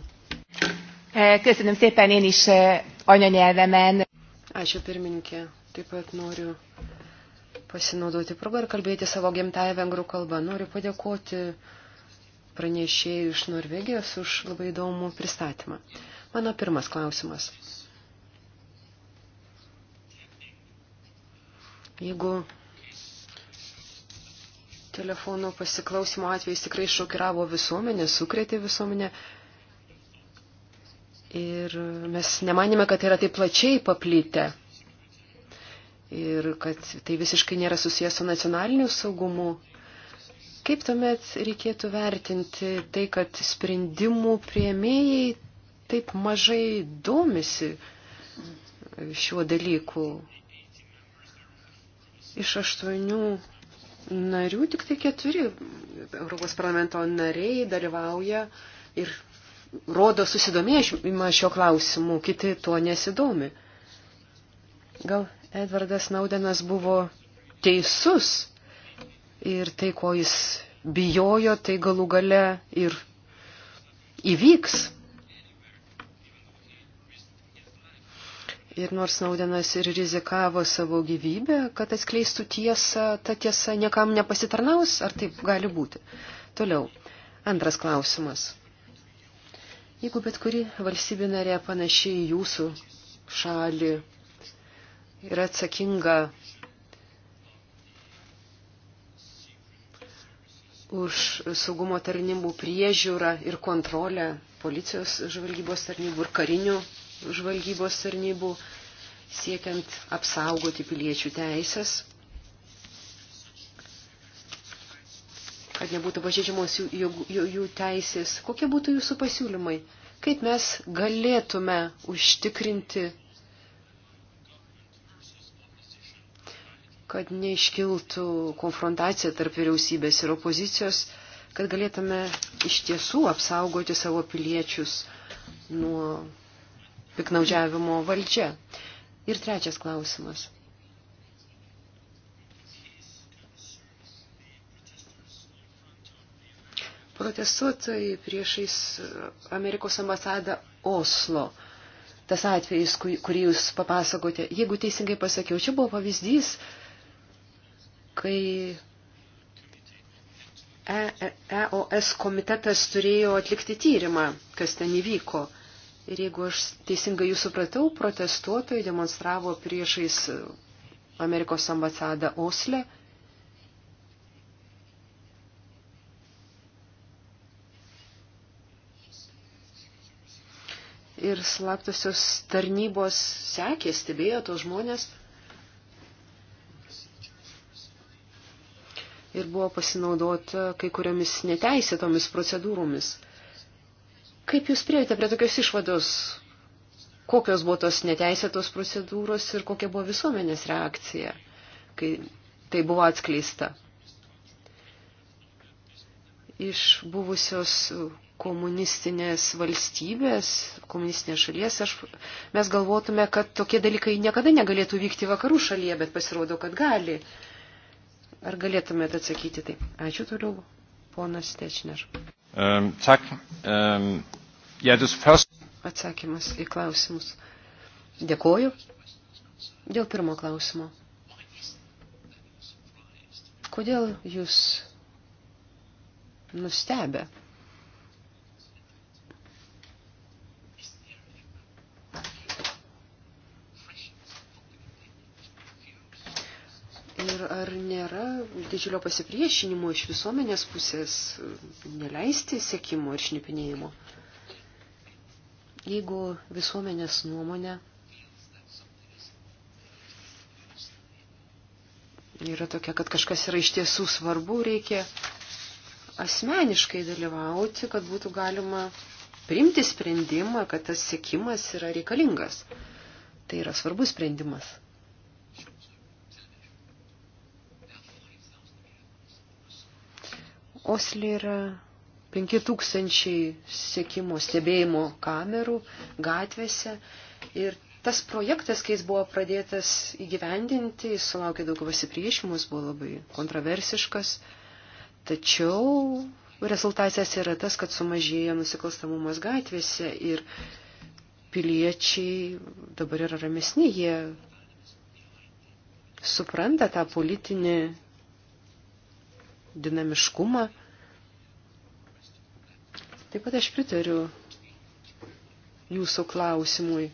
Köszönöm szépen én is e, anyanyelvemen Ačiū pirmininkė. Taip pat noriu pasinaudoti progą ir kalbėti savo gimtąją vengrų kalbą. Noriu padėkoti pranešėjai iš Norvegijos už labai įdomų pristatymą. Mano pirmas klausimas. Jeigu telefono pasiklausimo atvejais tikrai šokiravo visuomenę, sukrėtė visuomenę, Ir mes nemanėme, kad tai yra taip plačiai paplytę. Ir kad tai visiškai nėra susijęs su nacionaliniu saugumu. Kaip tuomet reikėtų vertinti tai, kad sprendimų prieimėjai taip mažai domisi šiuo dalyku? Iš aštuonių narių tik tai keturi Europos parlamento nariai dalyvauja ir rodo susidomėjimą šio klausimu, kiti tuo nesidomi. Gal Edvardas Naudenas buvo teisus ir tai, ko jis bijojo, tai galų gale ir įvyks. Ir nors Naudenas ir rizikavo savo gyvybę, kad atskleistų tiesą, ta tiesa niekam nepasitarnaus, ar taip gali būti. Toliau, antras klausimas. Jeigu bet kuri valstybė narė panašiai jūsų šalį yra atsakinga už saugumo tarnybų priežiūrą ir kontrolę policijos žvalgybos tarnybų ir karinių žvalgybos tarnybų, siekiant apsaugoti piliečių teisės kad nebūtų pažeidžiamos jų, jų, jų, jų teisės. Kokie būtų jūsų pasiūlymai? Kaip mes galėtume užtikrinti, kad neiškiltų konfrontacija tarp vyriausybės ir opozicijos, kad galėtume iš tiesų apsaugoti savo piliečius nuo piknaudžiavimo valdžia. Ir trečias klausimas. protestuotojai priešais Amerikos ambasadą Oslo. Tas atvejis, kurį jūs papasakote, jeigu teisingai pasakiau, čia buvo pavyzdys, kai EOS e, e komitetas turėjo atlikti tyrimą, kas ten įvyko. Ir jeigu aš teisingai jūs supratau, protestuotojai demonstravo priešais Amerikos ambasadą Osle ir slaptosios tarnybos sekė, stebėjo tos žmonės ir buvo pasinaudota kai kuriomis neteisėtomis procedūromis. Kaip jūs priejote prie tokios išvados? Kokios buvo tos neteisėtos procedūros ir kokia buvo visuomenės reakcija, kai tai buvo atskleista? Iš buvusios komunistinės valstybės, komunistinės šalies, aš, mes galvotume, kad tokie dalykai niekada negalėtų vykti vakarų šalyje, bet pasirodo, kad gali. Ar galėtumėt atsakyti tai? Ačiū toliau, ponas Tečner. Um, tak, um, ehm, yeah, first... Atsakymas į klausimus. Dėkoju dėl pirmo klausimo. Kodėl jūs nustebę? ar nėra didžiulio pasipriešinimo iš visuomenės pusės neleisti sėkimo ir šnipinėjimo? Jeigu visuomenės nuomonė yra tokia, kad kažkas yra iš tiesų svarbu, reikia asmeniškai dalyvauti, kad būtų galima priimti sprendimą, kad tas sėkimas yra reikalingas. Tai yra svarbus sprendimas. Osli yra 5000 sekimo stebėjimo kamerų gatvėse ir tas projektas, kai jis buvo pradėtas įgyvendinti, jis sulaukė daug pasipriešimus, buvo labai kontroversiškas, tačiau rezultatas yra tas, kad sumažėjo nusikalstamumas gatvėse ir piliečiai dabar yra ramesni, jie supranta tą politinį dinamiškumą. Taip pat aš pritariu jūsų klausimui,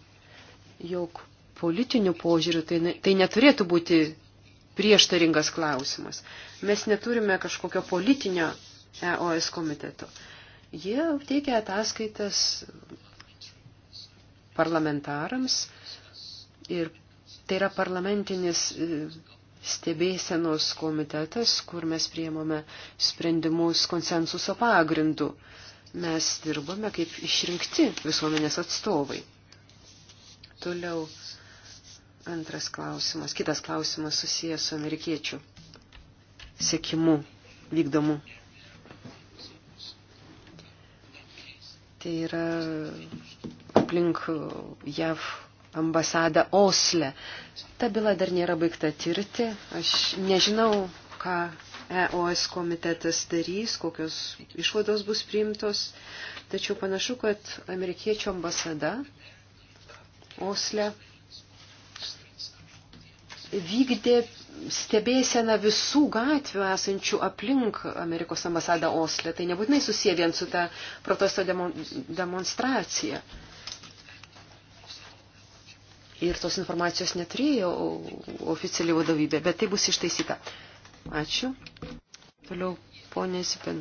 jog politiniu požiūriu tai, ne, tai neturėtų būti prieštaringas klausimas. Mes neturime kažkokio politinio EOS komiteto. Jie teikia ataskaitas parlamentarams ir tai yra parlamentinis stebėsenos komitetas, kur mes priemame sprendimus konsensuso pagrindu. Mes dirbame kaip išrinkti visuomenės atstovai. Toliau antras klausimas, kitas klausimas susijęs su amerikiečių sekimu vykdomu. Tai yra aplink JAV ambasadą Osle. Ta byla dar nėra baigta tirti. Aš nežinau, ką EOS komitetas darys, kokios išvados bus priimtos, tačiau panašu, kad amerikiečių ambasada Osle vykdė stebėsena visų gatvių esančių aplink Amerikos ambasadą Osle. Tai nebūtinai susiję vien su ta protesto demonstracija ir tos informacijos neturėjo oficialiai vadovybė, bet tai bus ištaisyta. Ačiū. Toliau ponė Zipin.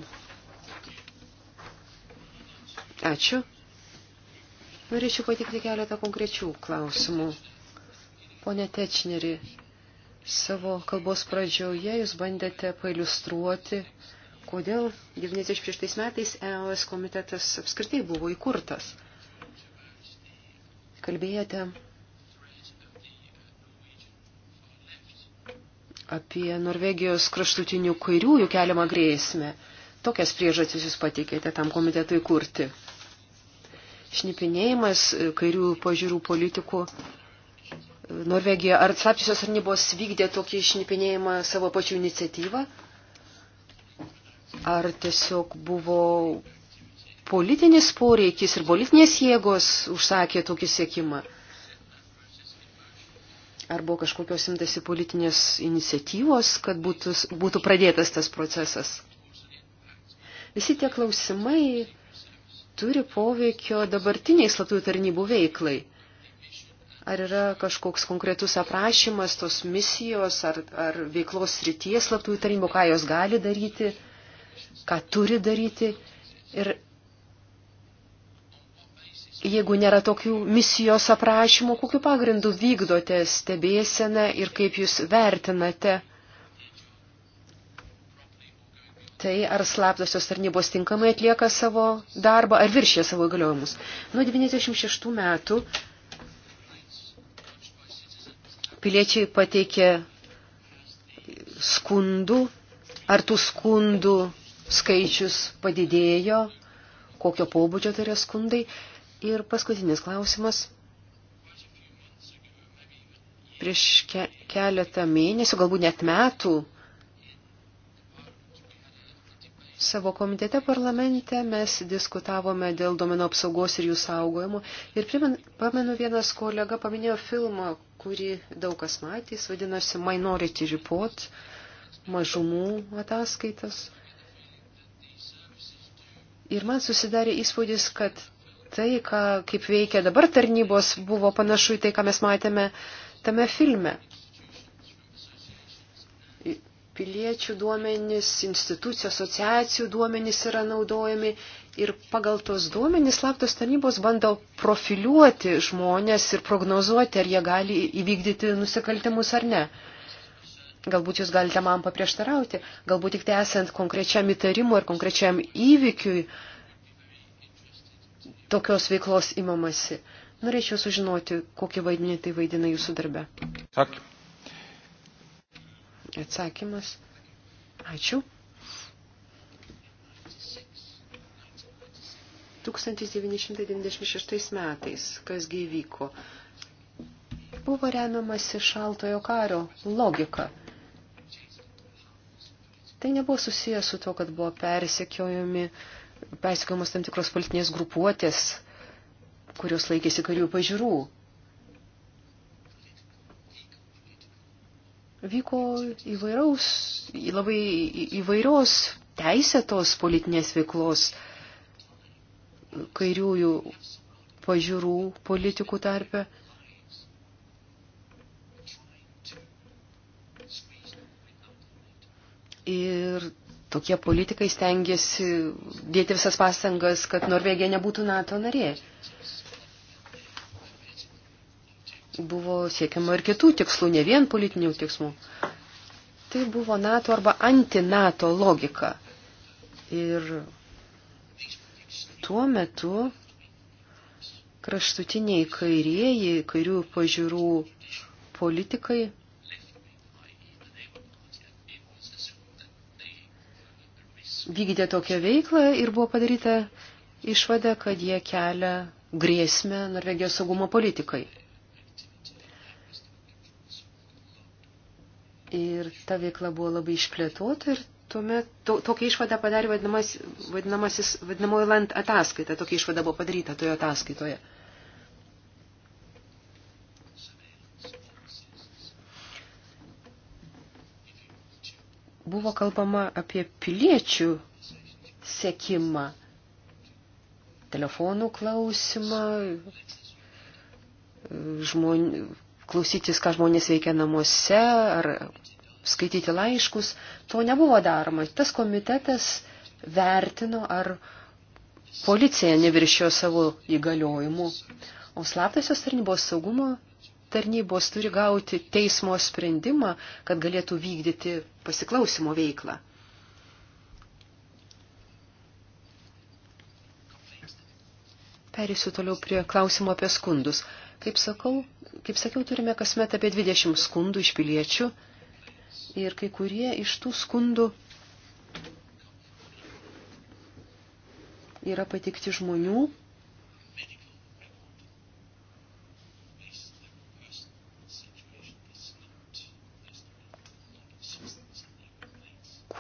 Ačiū. Norėčiau patikti keletą konkrečių klausimų. Pone Tečneri, savo kalbos pradžioje jūs bandėte pailustruoti, kodėl 96 metais EOS komitetas apskritai buvo įkurtas. Kalbėjote apie Norvegijos kraštutinių kairiųjų keliamą grėsmę. Tokias priežastis jūs pateikėte tam komitetui kurti. Šnipinėjimas kairių pažiūrų politikų Norvegija, ar slapčiosios tarnybos vykdė tokį šnipinėjimą savo pačių iniciatyvą? Ar tiesiog buvo politinis poreikis ir politinės jėgos užsakė tokį siekimą? Ar buvo kažkokios imtasi politinės iniciatyvos, kad būtų, būtų pradėtas tas procesas? Visi tie klausimai turi poveikio dabartiniai slaptųjų tarnybų veiklai. Ar yra kažkoks konkretus aprašymas tos misijos ar, ar veiklos srities slaptųjų tarnybų, ką jos gali daryti, ką turi daryti ir Jeigu nėra tokių misijos aprašymų, kokiu pagrindu vykdote stebėseną ir kaip jūs vertinate tai, ar slaptosios tarnybos tinkamai atlieka savo darbą, ar viršė savo įgaliojimus. Nuo 96 metų piliečiai pateikė skundų, ar tų skundų skaičius padidėjo, kokio pobūdžio tai yra skundai. Ir paskutinis klausimas. Prieš ke keletą mėnesių, galbūt net metų, savo komitete parlamente mes diskutavome dėl domino apsaugos ir jų saugojimo. Ir primen, pamenu, vienas kolega paminėjo filmą, kurį daug kas matys, vadinosi Minority Report, mažumų ataskaitas. Ir man susidarė įspūdis, kad tai, ką, kaip veikia dabar tarnybos, buvo panašu į tai, ką mes matėme tame filme. Piliečių duomenys, institucijų, asociacijų duomenys yra naudojami ir pagal tos duomenys slaptos tarnybos bando profiliuoti žmonės ir prognozuoti, ar jie gali įvykdyti nusikaltimus ar ne. Galbūt jūs galite man paprieštarauti, galbūt tik tai esant konkrečiam įtarimui ar konkrečiam įvykiui tokios veiklos imamasi. Norėčiau sužinoti, kokį vaidmenį tai vaidina jūsų darbe. Ačiū. Atsakymas. Ačiū. 1996 metais, kasgi įvyko, buvo remiamasi šaltojo kario logika. Tai nebuvo susijęs su to, kad buvo persekiojami uh, persikojamos tam tikros politinės grupuotės, kurios laikėsi karių pažiūrų. Vyko įvairaus, labai įvairios teisėtos politinės veiklos kairiųjų pažiūrų politikų tarpe. Ir tokie politikai stengiasi dėti visas pastangas, kad Norvegija nebūtų NATO narė. Buvo siekiama ir kitų tikslų, ne vien politinių tikslų. Tai buvo NATO arba anti-NATO logika. Ir tuo metu kraštutiniai kairieji, kairių pažiūrų politikai vykdė tokią veiklą ir buvo padaryta išvada, kad jie kelia grėsmę Norvegijos saugumo politikai. Ir ta veikla buvo labai išplėtota ir tuomet to, tokia išvada padarė vadinamas, vadinamasis, vadinamoji land ataskaita, tokia išvada buvo padaryta toje ataskaitoje. Buvo kalbama apie piliečių sekimą, telefonų klausimą, žmon... klausytis, ką žmonės veikia namuose ar skaityti laiškus. To nebuvo daroma. Tas komitetas vertino, ar policija neviršijo savo įgaliojimų. O slaptasios tarnybos saugumo tarnybos turi gauti teismo sprendimą, kad galėtų vykdyti pasiklausimo veiklą. Perėsiu toliau prie klausimo apie skundus. Kaip, sakau, kaip sakiau, turime kasmet apie 20 skundų iš piliečių ir kai kurie iš tų skundų yra patikti žmonių,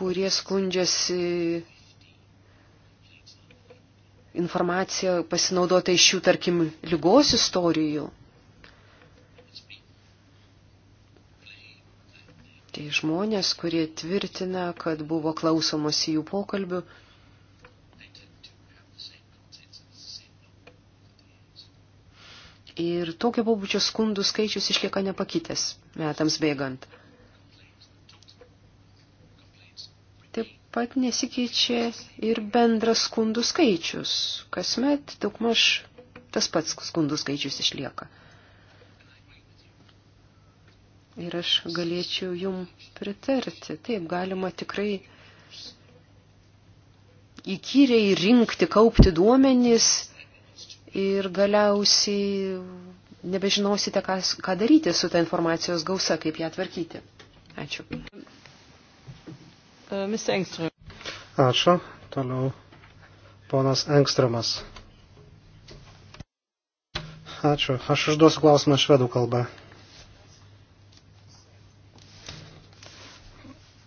kurie skundžiasi informacija pasinaudota iš jų, tarkim, lygos istorijų. Tai žmonės, kurie tvirtina, kad buvo klausomasi jų pokalbių. Ir tokio pobūdžio skundų skaičius išlieka nepakitęs metams bėgant. Taip pat nesikeičia ir bendras skundų skaičius. Kasmet daugmaž tas pats skundų skaičius išlieka. Ir aš galėčiau jum pritarti. Taip, galima tikrai įkyriai rinkti, kaupti duomenis ir galiausiai nebežinosite, ką, ką daryti su ta informacijos gausa, kaip ją tvarkyti. Ačiū. E, Mr. Engström. Ačiū. Toliau ponas Engströmas. Ačiū. Aš užduosiu klausimą švedų kalbą.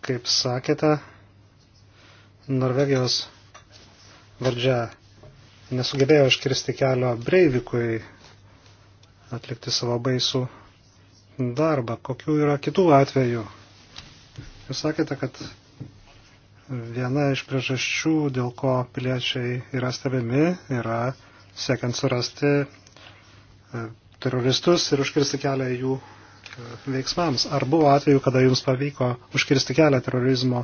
Kaip sakėte, Norvegijos valdžia nesugebėjo iškirsti kelio Breivikui atlikti savo baisų darbą. Kokių yra kitų atvejų? Jūs sakėte, kad Viena iš priežasčių, dėl ko piliečiai yra stebimi, yra siekiant surasti e, teroristus ir užkirsti kelią jų e, veiksmams. Ar buvo atveju, kada jums pavyko užkirsti kelią terorizmo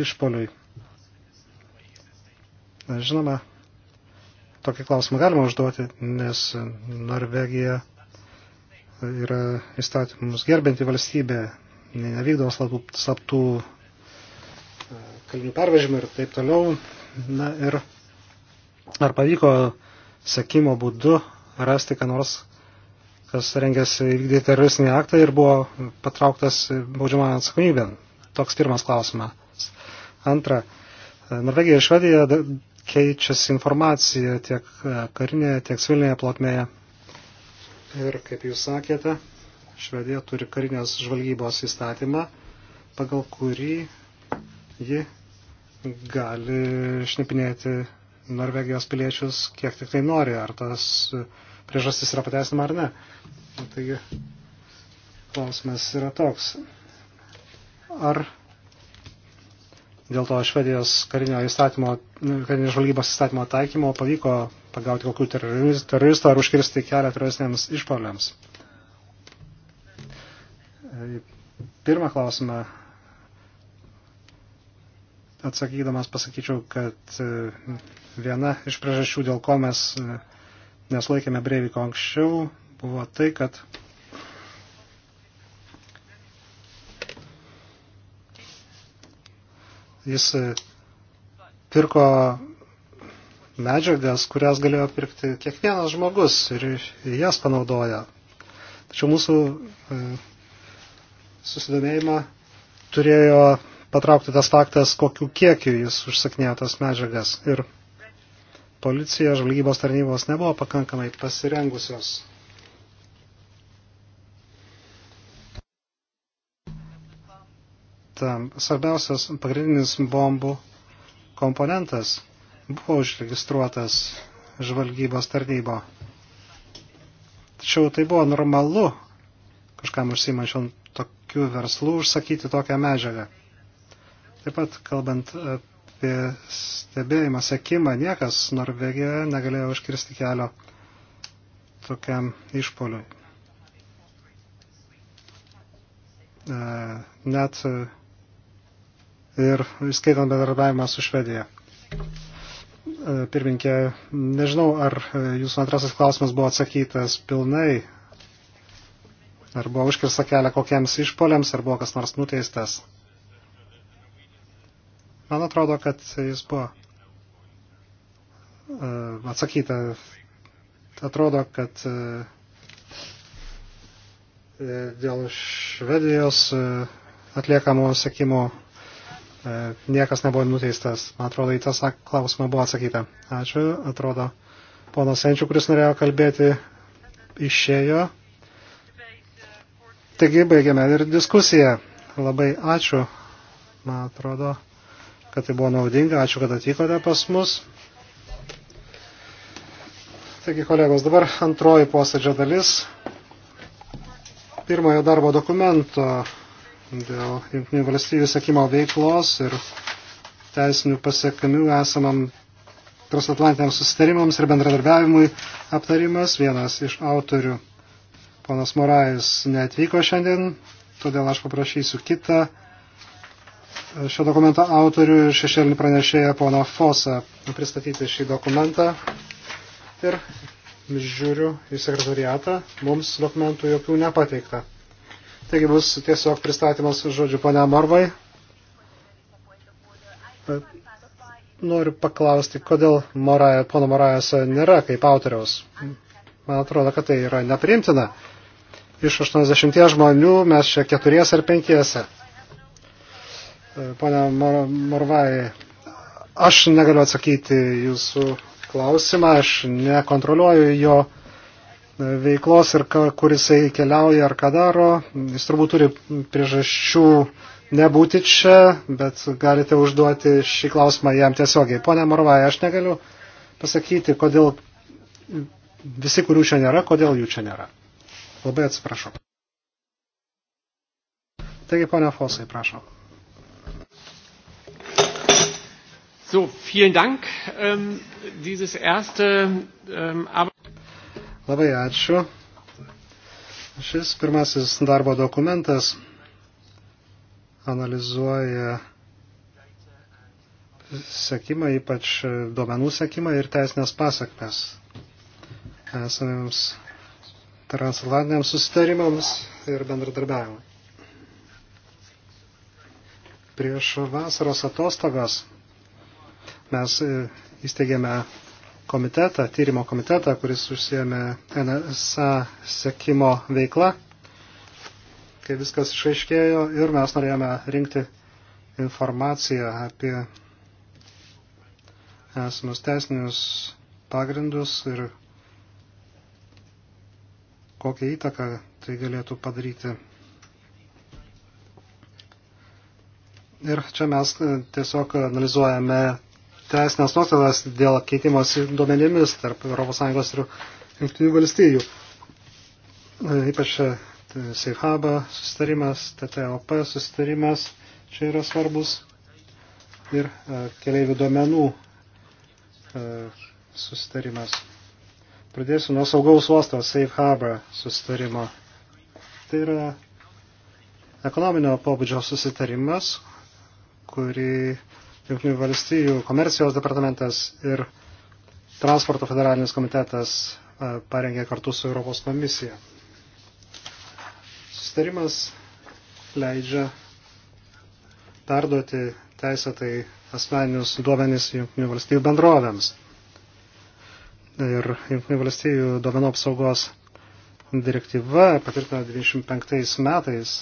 išpoliui? Žinoma, tokį klausimą galima užduoti, nes Norvegija yra įstatymus gerbinti valstybė, nevykdo slaptų kalinių pervežimą ir taip toliau. Na ir ar pavyko sekimo būdu rasti, ką nors, kas rengėsi įvykdyti teroristinį aktą ir buvo patrauktas baudžiamą atsakomybę. Toks pirmas klausimas. Antra, Norvegija ir Švedija keičiasi informacija tiek e, karinėje, tiek civilinėje plotmėje. Ir kaip jūs sakėte, Švedija turi karinės žvalgybos įstatymą, pagal kurį ji gali šnipinėti Norvegijos piliečius kiek tik tai nori, ar tas priežastis yra pateisinama ar ne. Taigi, klausimas yra toks. Ar dėl to Švedijos karinio įstatymo, karinės žvalgybos įstatymo taikymo pavyko pagauti kokių teroristų ar užkirsti kelią teroristiniams išpoliams? Pirmą klausimą atsakydamas pasakyčiau, kad e, viena iš priežasčių, dėl ko mes e, neslaikėme Breiviko anksčiau, buvo tai, kad jis e, pirko medžiagas, kurias galėjo pirkti kiekvienas žmogus ir jas panaudoja. Tačiau mūsų susidomėjimą turėjo patraukti tas faktas, kokiu kiekiu jis užsakinėjo tas medžiagas. Ir policija, žvalgybos tarnybos nebuvo pakankamai pasirengusios. Tam svarbiausias pagrindinis bombų komponentas buvo užregistruotas žvalgybos tarnybo. Tačiau tai buvo normalu kažkam užsimančiam tokių verslų užsakyti tokią medžiagą. Taip pat kalbant apie stebėjimą, sekimą, niekas Norvegijoje negalėjo užkirsti kelio tokiam išpoliui. E, net ir skaitant bendradarbiavimą su Švedija. E, pirminkė, nežinau, ar jūsų antrasis klausimas buvo atsakytas pilnai, ar buvo užkirsta kelia kokiems išpoliams, ar buvo kas nors nuteistas. Man atrodo, kad jis buvo e, atsakyta. Atrodo, kad e, e, dėl Švedijos atliekamo sekimo niekas nebuvo nuteistas. Man atrodo, į tą klausimą buvo atsakyta. Ačiū. Atrodo, ponas Senčių, kuris norėjo kalbėti, išėjo. Taigi baigiame ir diskusiją. Labai ačiū. Man atrodo kad tai buvo naudinga. Ačiū, kad atvykote pas mus. Taigi, kolegos, dabar antroji posėdžio dalis. Pirmojo darbo dokumento dėl Junktinių valstybių sekimo veiklos ir teisinių pasiekamių esamam transatlantiniams susitarimams ir bendradarbiavimui aptarimas. Vienas iš autorių, ponas Morais, neatvyko šiandien, todėl aš paprašysiu kitą šio dokumento autorių ir šešėlinį pranešėją pono Fosą pristatyti šį dokumentą. Ir žiūriu į sekretariatą, mums dokumentų jokių nepateikta. Taigi bus tiesiog pristatymas žodžiu ponia Morvai. Noriu paklausti, kodėl Moraja, pono Morajaso nėra kaip autoriaus. Man atrodo, kad tai yra nepriimtina. Iš 80 žmonių mes čia keturiese ar penkiese. Pone Mor Morvai, aš negaliu atsakyti jūsų klausimą, aš nekontroliuoju jo veiklos ir kur jisai keliauja ar ką daro. Jis turbūt turi priežasčių nebūti čia, bet galite užduoti šį klausimą jam tiesiogiai. Pone Morvai, aš negaliu pasakyti, kodėl visi, kurių čia nėra, kodėl jų čia nėra. Labai atsiprašau. Taigi, ponia Fosai, prašau. So, vielen Dank. Ähm, dieses erste ähm, Labai ačiū. Šis pirmasis darbo dokumentas analizuoja sekimą, ypač duomenų sekimą ir teisinės pasakmes esamiems transatlantiniams susitarimams ir bendradarbiavimui. Prieš vasaros atostogas mes e, įsteigėme komitetą, tyrimo komitetą, kuris užsiemė NSA sekimo veiklą, kai viskas išaiškėjo ir mes norėjome rinkti informaciją apie esamus teisinius pagrindus ir kokią įtaką tai galėtų padaryti. Ir čia mes e, tiesiog analizuojame teisinės nuostatas dėl keitimos duomenimis tarp ES ir Junktinių valstybių. E, ypač e, Safe Hub susitarimas, TTOP susitarimas čia yra svarbus ir e, keliaivių duomenų susitarimas. Pradėsiu nuo saugaus uosto Safe Harbor susitarimo. Tai yra ekonominio pobūdžio susitarimas, kurį Junktinių valstybių komercijos departamentas ir transporto federalinis komitetas e, parengė kartu su Europos komisija. Sustarimas leidžia perduoti teisėtai asmeninius duomenys Junktinių valstybių bendrovėms. Ir Junktinių valstybių duomenų apsaugos direktyva patvirtina 25 metais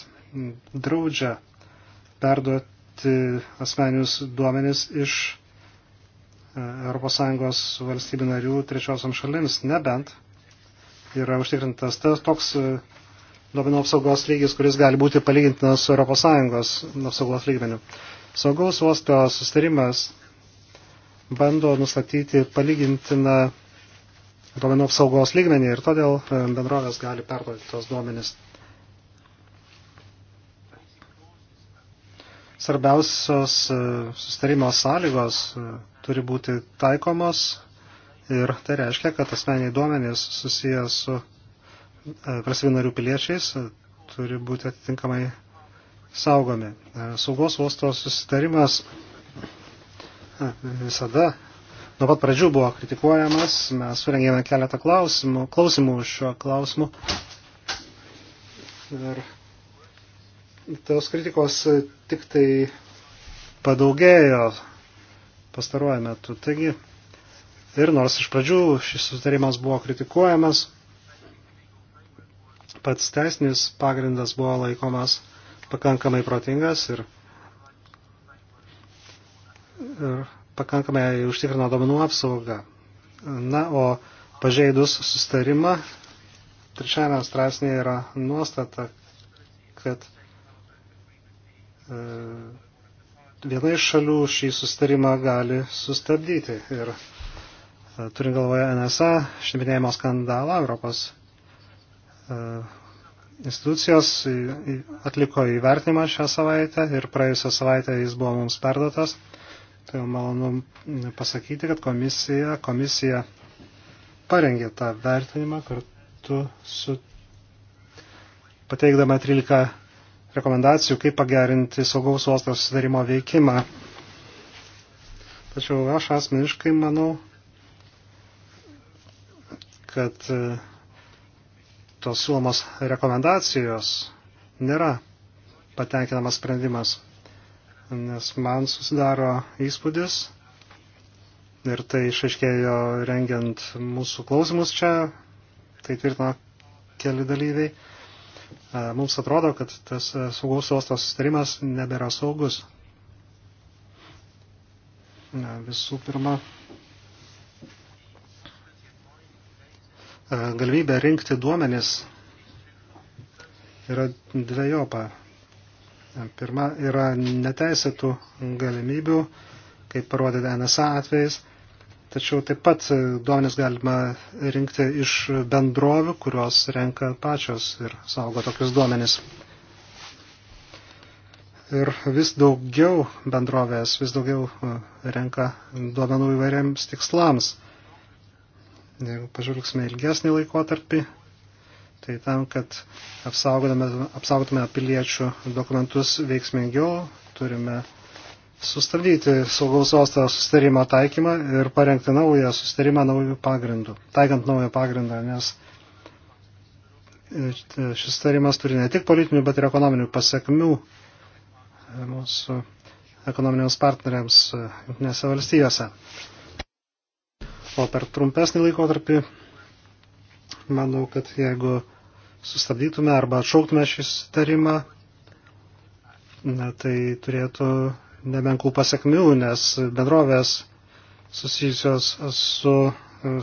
draudžia perduoti gauti asmeninius duomenis iš ES valstybių narių trečiosiam šalims, nebent yra užtikrintas tas toks e, duomenų apsaugos lygis, kuris gali būti palygintinas su ES apsaugos lygmeniu. Saugaus uosto sustarimas bando nustatyti palygintiną duomenų apsaugos lygmenį ir todėl e, bendrovės gali perduoti tos duomenis Svarbiausios e, sustarimo sąlygos e, turi būti taikomos ir tai reiškia, kad asmeniai duomenys susiję su prasvinarių e, piliečiais turi būti atitinkamai saugomi. Saugos uosto susitarimas visada nuo pat pradžių buvo kritikuojamas. Mes surengėme keletą klausimų, klausimų šiuo klausimu. Ir tos kritikos e, tik tai padaugėjo pastaruoju metu. Taigi, ir nors iš pradžių šis sutarimas buvo kritikuojamas, pats teisinis pagrindas buvo laikomas pakankamai protingas ir, ir pakankamai užtikrino domenų apsaugą. Na, o pažeidus sustarimą, trečiajame straipsnėje yra nuostata, kad E, viena iš šalių šį sustarimą gali sustabdyti. Ir e, turint galvoje NSA šnipinėjimo skandalą, Europos e, institucijos atliko įvertinimą šią savaitę ir praėjusią savaitę jis buvo mums perdotas. Tai malonu pasakyti, kad komisija, komisija parengė tą vertinimą kartu su pateikdama 13 rekomendacijų, kaip pagerinti saugaus uosto susidarimo veikimą. Tačiau aš asmeniškai manau, kad e, tos siūlomos rekomendacijos nėra patenkinamas sprendimas, nes man susidaro įspūdis ir tai išaiškėjo rengiant mūsų klausimus čia, tai tvirtino keli dalyviai Mums atrodo, kad tas e, saugaus uostos sustarimas nebėra saugus. Visų pirma, e, galimybė rinkti duomenis yra dviejopa. Pirma yra neteisėtų galimybių, kaip parodė NSA atvejais, Tačiau taip pat duomenis galima rinkti iš bendrovių, kurios renka pačios ir saugo tokius duomenis. Ir vis daugiau bendrovės, vis daugiau e, renka duomenų įvairiems tikslams. Jeigu pažvelgsime ilgesnį laikotarpį, tai tam, kad apsaugotume piliečių dokumentus veiksmingiau, turime sustabdyti saugaus uosto sustarimo taikymą ir parengti naują sustarimą naujų pagrindų, taikant naują pagrindą, nes e, e, šis sustarimas turi ne tik politinių, bet ir ekonominių pasiekmių e, mūsų ekonominiams partneriams Junktinėse valstijose. O per trumpesnį laikotarpį, manau, kad jeigu sustabdytume arba atšauktume šį sutarimą, tai turėtų nemenkų pasiekmių, nes bendrovės susijusios su e,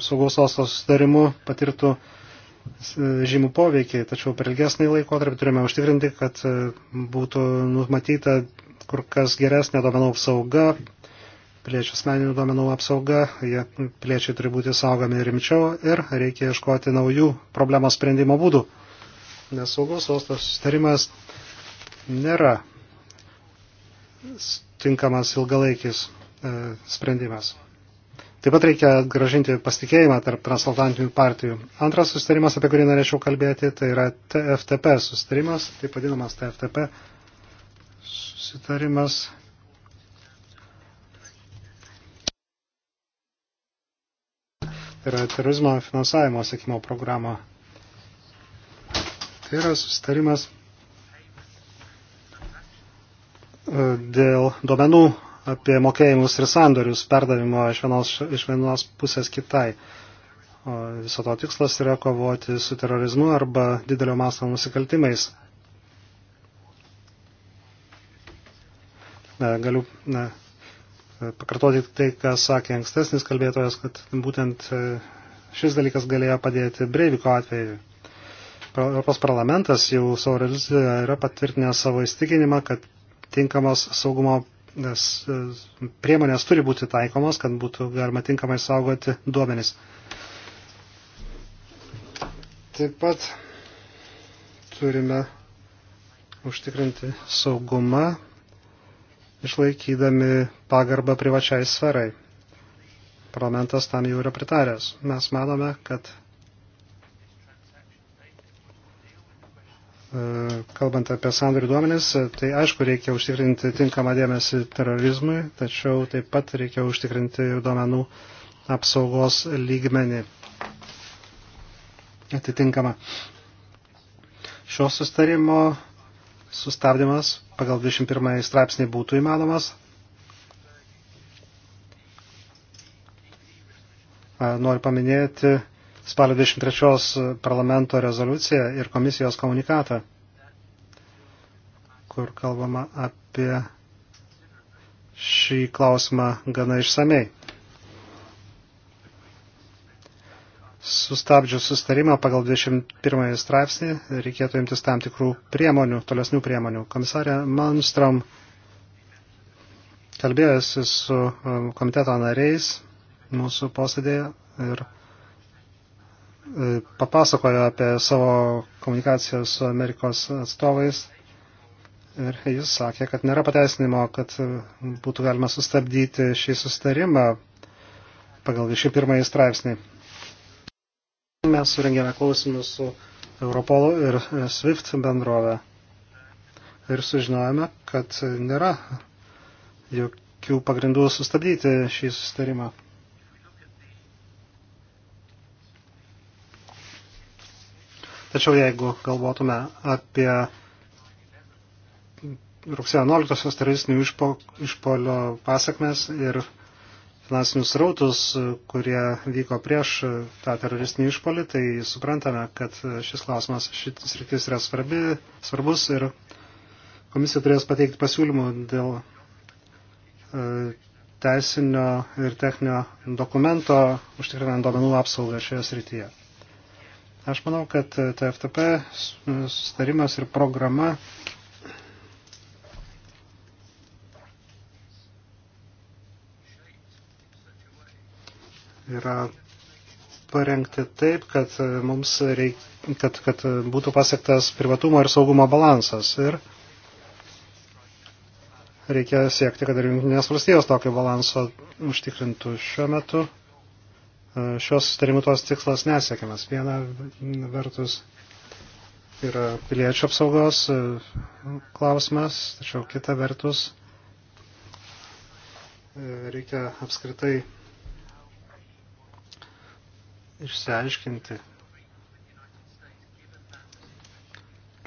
saugaus uosto sustarimu patirtų e, žymų poveikį, tačiau per ilgesnį laikotarpį turime užtikrinti, kad e, būtų numatyta kur kas geresnė duomenų apsauga, piliečių asmeninių duomenų apsauga, jie piliečiai turi būti saugomi rimčiau ir reikia ieškoti naujų problemos sprendimo būdų, nes saugaus uosto sustarimas nėra tinkamas ilgalaikis e, sprendimas. Taip pat reikia gražinti pasitikėjimą tarp transatlantinių partijų. Antras sustarimas, apie kurį norėčiau kalbėti, tai yra TFTP sustarimas, taip vadinamas TFTP susitarimas. Tai yra terorizmo finansavimo sėkimo programa. Tai yra sustarimas dėl duomenų apie mokėjimus ir sandorius perdavimo iš vienos, iš vienos pusės kitai. O viso to tikslas yra kovoti su terorizmu arba didelio masto nusikaltimais. Ne, galiu ne, pakartoti tai, ką sakė ankstesnis kalbėtojas, kad būtent e, šis dalykas galėjo padėti Breiviko atveju. Europos parlamentas jau savo rezoliucijoje yra patvirtinęs savo įstikinimą, kad tinkamos saugumo nes e, priemonės turi būti taikomos, kad būtų galima tinkamai saugoti duomenis. Taip pat turime užtikrinti saugumą, išlaikydami pagarbą privačiai sferai. Parlamentas tam jau yra pritaręs. Mes manome, kad E, kalbant apie sandorių duomenis, e, tai aišku reikia užtikrinti tinkamą dėmesį terorizmui, tačiau taip pat reikia užtikrinti ir duomenų apsaugos lygmenį atitinkamą. Šio sustarimo sustabdymas pagal 21 straipsnį būtų įmanomas. Noriu paminėti spalio 23 parlamento rezoliuciją ir komisijos komunikatą, kur kalbama apie šį klausimą gana išsamei. Sustabdžius sustarimą pagal 21 straipsnį reikėtų imtis tam tikrų priemonių, tolesnių priemonių. Komisarė Manstrom kalbėjosi su um, komiteto nariais mūsų posėdėje ir papasakojo apie savo komunikaciją su Amerikos atstovais ir jis sakė, kad nėra pateisinimo, kad būtų galima sustabdyti šį sustarimą pagal 21 straipsnį. Mes surengėme klausimus su Europolu ir SWIFT bendrovė ir sužinojame, kad nėra jokių pagrindų sustabdyti šį sustarimą. Tačiau jeigu galvotume apie rugsėjo 11-osios teroristinių išpo, išpolio pasakmes ir finansinius rautus, kurie vyko prieš tą teroristinį išpolį, tai suprantame, kad šis klausimas, šis rytis yra svarbi, svarbus ir komisija turės pateikti pasiūlymų dėl e, teisinio ir techninio dokumento užtikrinant duomenų apsaugą šioje srityje. Aš manau, kad e, TFTP tai e, sustarimas ir programa yra parengti taip, kad e, mums reik, kad, kad būtų pasiektas privatumo ir saugumo balansas. Ir reikia siekti, kad ir jungtinės valstijos tokio balanso užtikrintų šiuo metu. E, šios sustarimų tos tikslas nesiekiamas. Viena vertus yra piliečių apsaugos e, klausimas, tačiau kita vertus e, reikia apskritai išsiaiškinti,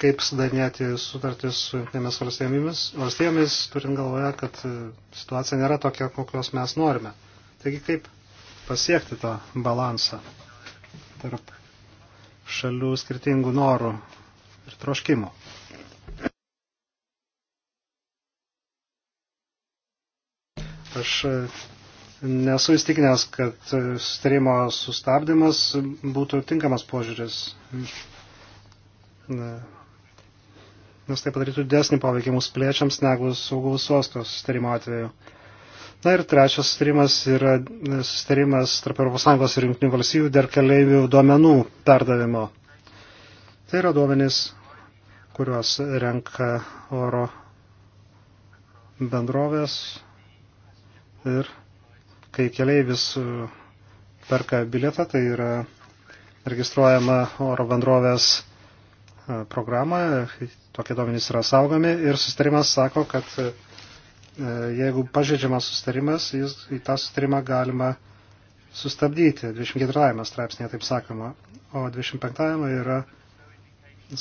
kaip sudarinėti sutartis su jungtinėmis valstybėmis, valstybėmis, turint galvoje, kad situacija nėra tokia, kokios mes norime. Taigi kaip pasiekti tą balansą tarp šalių skirtingų norų ir troškimų. Aš e, nesu įstikinęs, kad sustarimo sustabdymas būtų tinkamas požiūris, nes tai padarytų desnį poveikį mūsų piliečiams negu saugaus uosto sustarimo atveju. Na ir trečias sustarimas yra e, sustarimas tarp ES ir Junktinių valstybių dėl keleivių duomenų perdavimo. Tai yra duomenys, kuriuos renka oro bendrovės ir kai keleivis e, perka bilietą, tai yra registruojama oro bendrovės e, programa, tokie duomenys yra saugomi ir sustarimas sako, kad E, jeigu pažeidžiamas sustarimas, jis į tą sustarimą galima sustabdyti. 24 straipsnėje taip sakoma, o 25 yra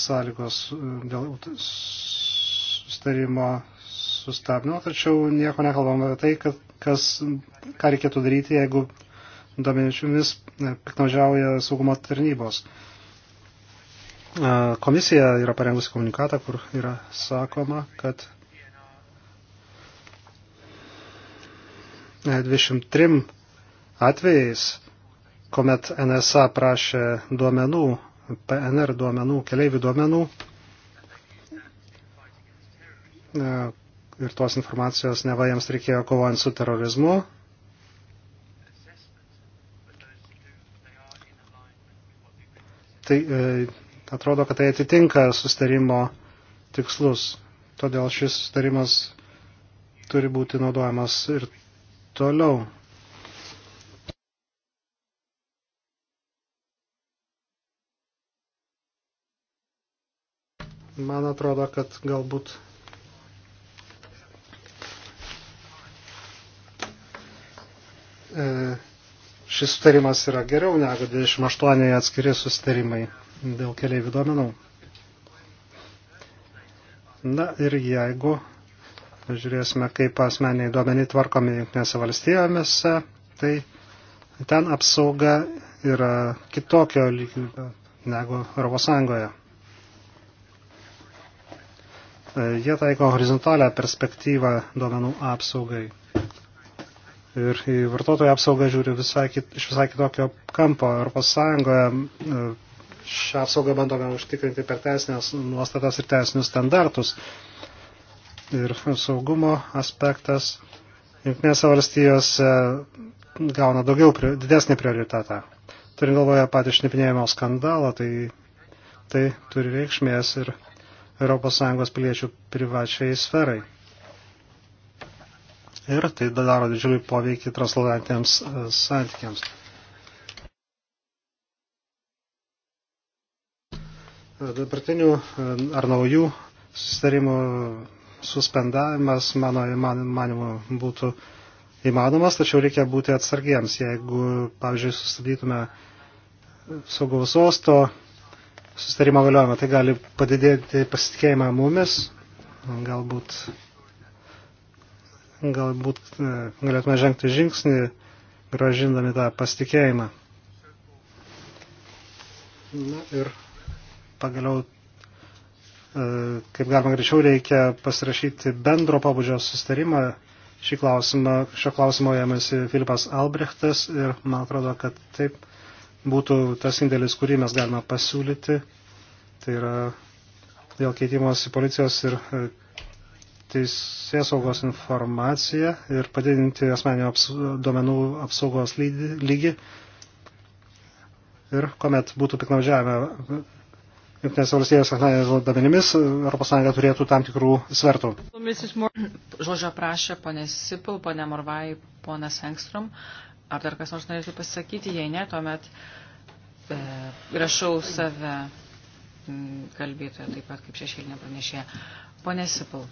sąlygos e, dėl sustarimo sustabdymo, tačiau nieko nekalbama apie tai, kad kas, ką reikėtų daryti, jeigu domeničiumis piknaudžiauja saugumo tarnybos. E, komisija yra parengusi komunikatą, kur yra sakoma, kad 23 atvejais, kuomet NSA prašė duomenų, PNR duomenų, keleivių duomenų ir tos informacijos neva jiems reikėjo kovojant su terorizmu. Tai e, atrodo, kad tai atitinka sustarimo tikslus. Todėl šis sustarimas turi būti naudojamas ir Toliau. Man atrodo, kad galbūt e, šis sutarimas yra geriau negu 28 atskiri sustarimai dėl keliaivių duomenų. Na ir jeigu žiūrėsime, kaip asmeniai duomeniai tvarkomi jungtinėse valstijomise, tai ten apsauga yra kitokio lygio negu ES. E, jie taiko horizontalią perspektyvą duomenų apsaugai. Ir į vartotojų apsaugą žiūri visai kit, iš visai kitokio kampo. ES e, šią apsaugą bandome užtikrinti per teisinės nuostatas ir teisinius standartus ir saugumo aspektas Junktinėse valstijose gauna daugiau, didesnį prioritetą. Turint galvoje patį šnipinėjimo skandalą, tai, tai turi reikšmės ir ES piliečių privačiai sferai. Ir tai daro didžiulį poveikį transatlantiniams e, santykiams. E, dabartinių e, ar naujų susitarimų suspendavimas, mano manimu, būtų įmanomas, tačiau reikia būti atsargiems. Jeigu, pavyzdžiui, sustabdytume saugaus osto sustarimo galiojimą, tai gali padidėti pasitikėjimą mumis, galbūt, galbūt e, galėtume žengti žingsnį, gražindami tą pasitikėjimą. Na ir pagaliau E, kaip galima greičiau reikia pasirašyti bendro pabudžio sustarimą. Šį klausimą, šio klausimo ėmėsi Filipas Albrechtas ir man atrodo, kad taip būtų tas indėlis, kurį mes galime pasiūlyti. Tai yra dėl keitimosi policijos ir e, teisės saugos informaciją ir padidinti asmenio aps, duomenų apsaugos lygį. Ir kuomet būtų piknaudžiavę Junktinės valstijos duomenimis ES turėtų tam tikrų svertų. Žodžio prašė ponė Sipil, ponė Morvai, ponas Engstrom. Ar dar kas nors norėtų pasakyti? Jei ne, tuomet e, rašau save kalbėtoje taip pat kaip šešėlinė pranešėja. Ponė Sipil.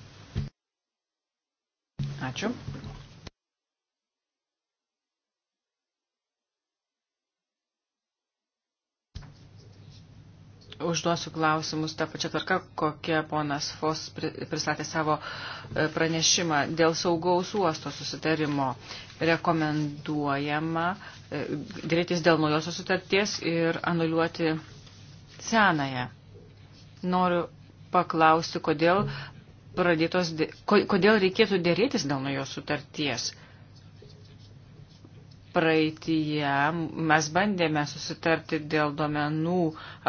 Ačiū. užduosiu klausimus tą pačią tvarką, kokią ponas Fos pristatė savo e, pranešimą dėl saugaus uosto susitarimo. Rekomenduojama e, dėrėtis dėl naujos sutarties ir anuliuoti senąją. Noriu paklausti, kodėl, pradėtos, kodėl reikėtų dėrėtis dėl naujos sutarties praeitįje mes bandėme susitarti dėl duomenų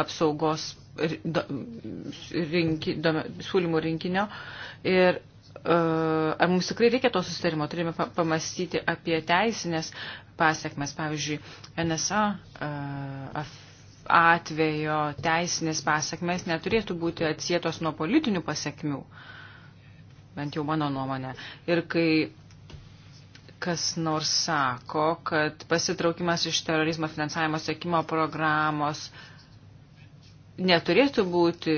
apsaugos rinki, duomen, siūlymų rinkinio ir e, ar mums tikrai reikia to susitarimo, turime pamastyti apie teisinės pasiekmes, pavyzdžiui, NSA e, atvejo teisinės pasiekmes neturėtų būti atsietos nuo politinių pasiekmių, bent jau mano nuomonė. Ir kai kas nors sako, kad pasitraukimas iš terorizmo finansavimo sėkimo programos neturėtų būti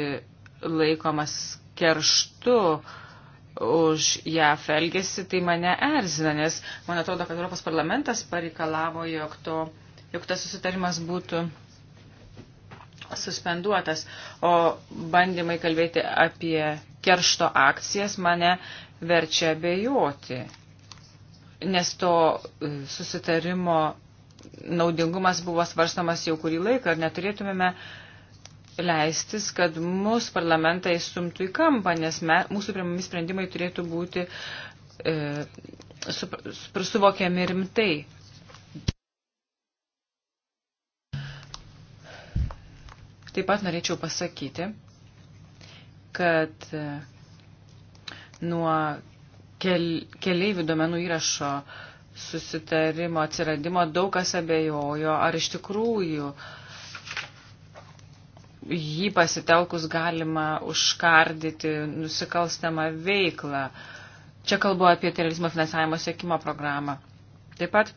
laikomas kerštu už JAF elgesį, tai mane erzina, nes man atrodo, kad Europos parlamentas pareikalavo, jog, to, jog tas susitarimas būtų suspenduotas, o bandymai kalbėti apie keršto akcijas mane verčia bejoti nes to e, susitarimo naudingumas buvo svarstamas jau kurį laiką ir neturėtumėme leistis, kad mus parlamentai stumtų į kampą, nes me, mūsų priimami sprendimai turėtų būti e, su, su, suvokiami rimtai. Taip pat norėčiau pasakyti, kad e, nuo kel, keleivių duomenų įrašo susitarimo atsiradimo daug kas abejojo, ar iš tikrųjų jį pasitelkus galima užkardyti nusikalstamą veiklą. Čia kalbu apie terorizmo finansavimo sėkimo programą. Taip pat,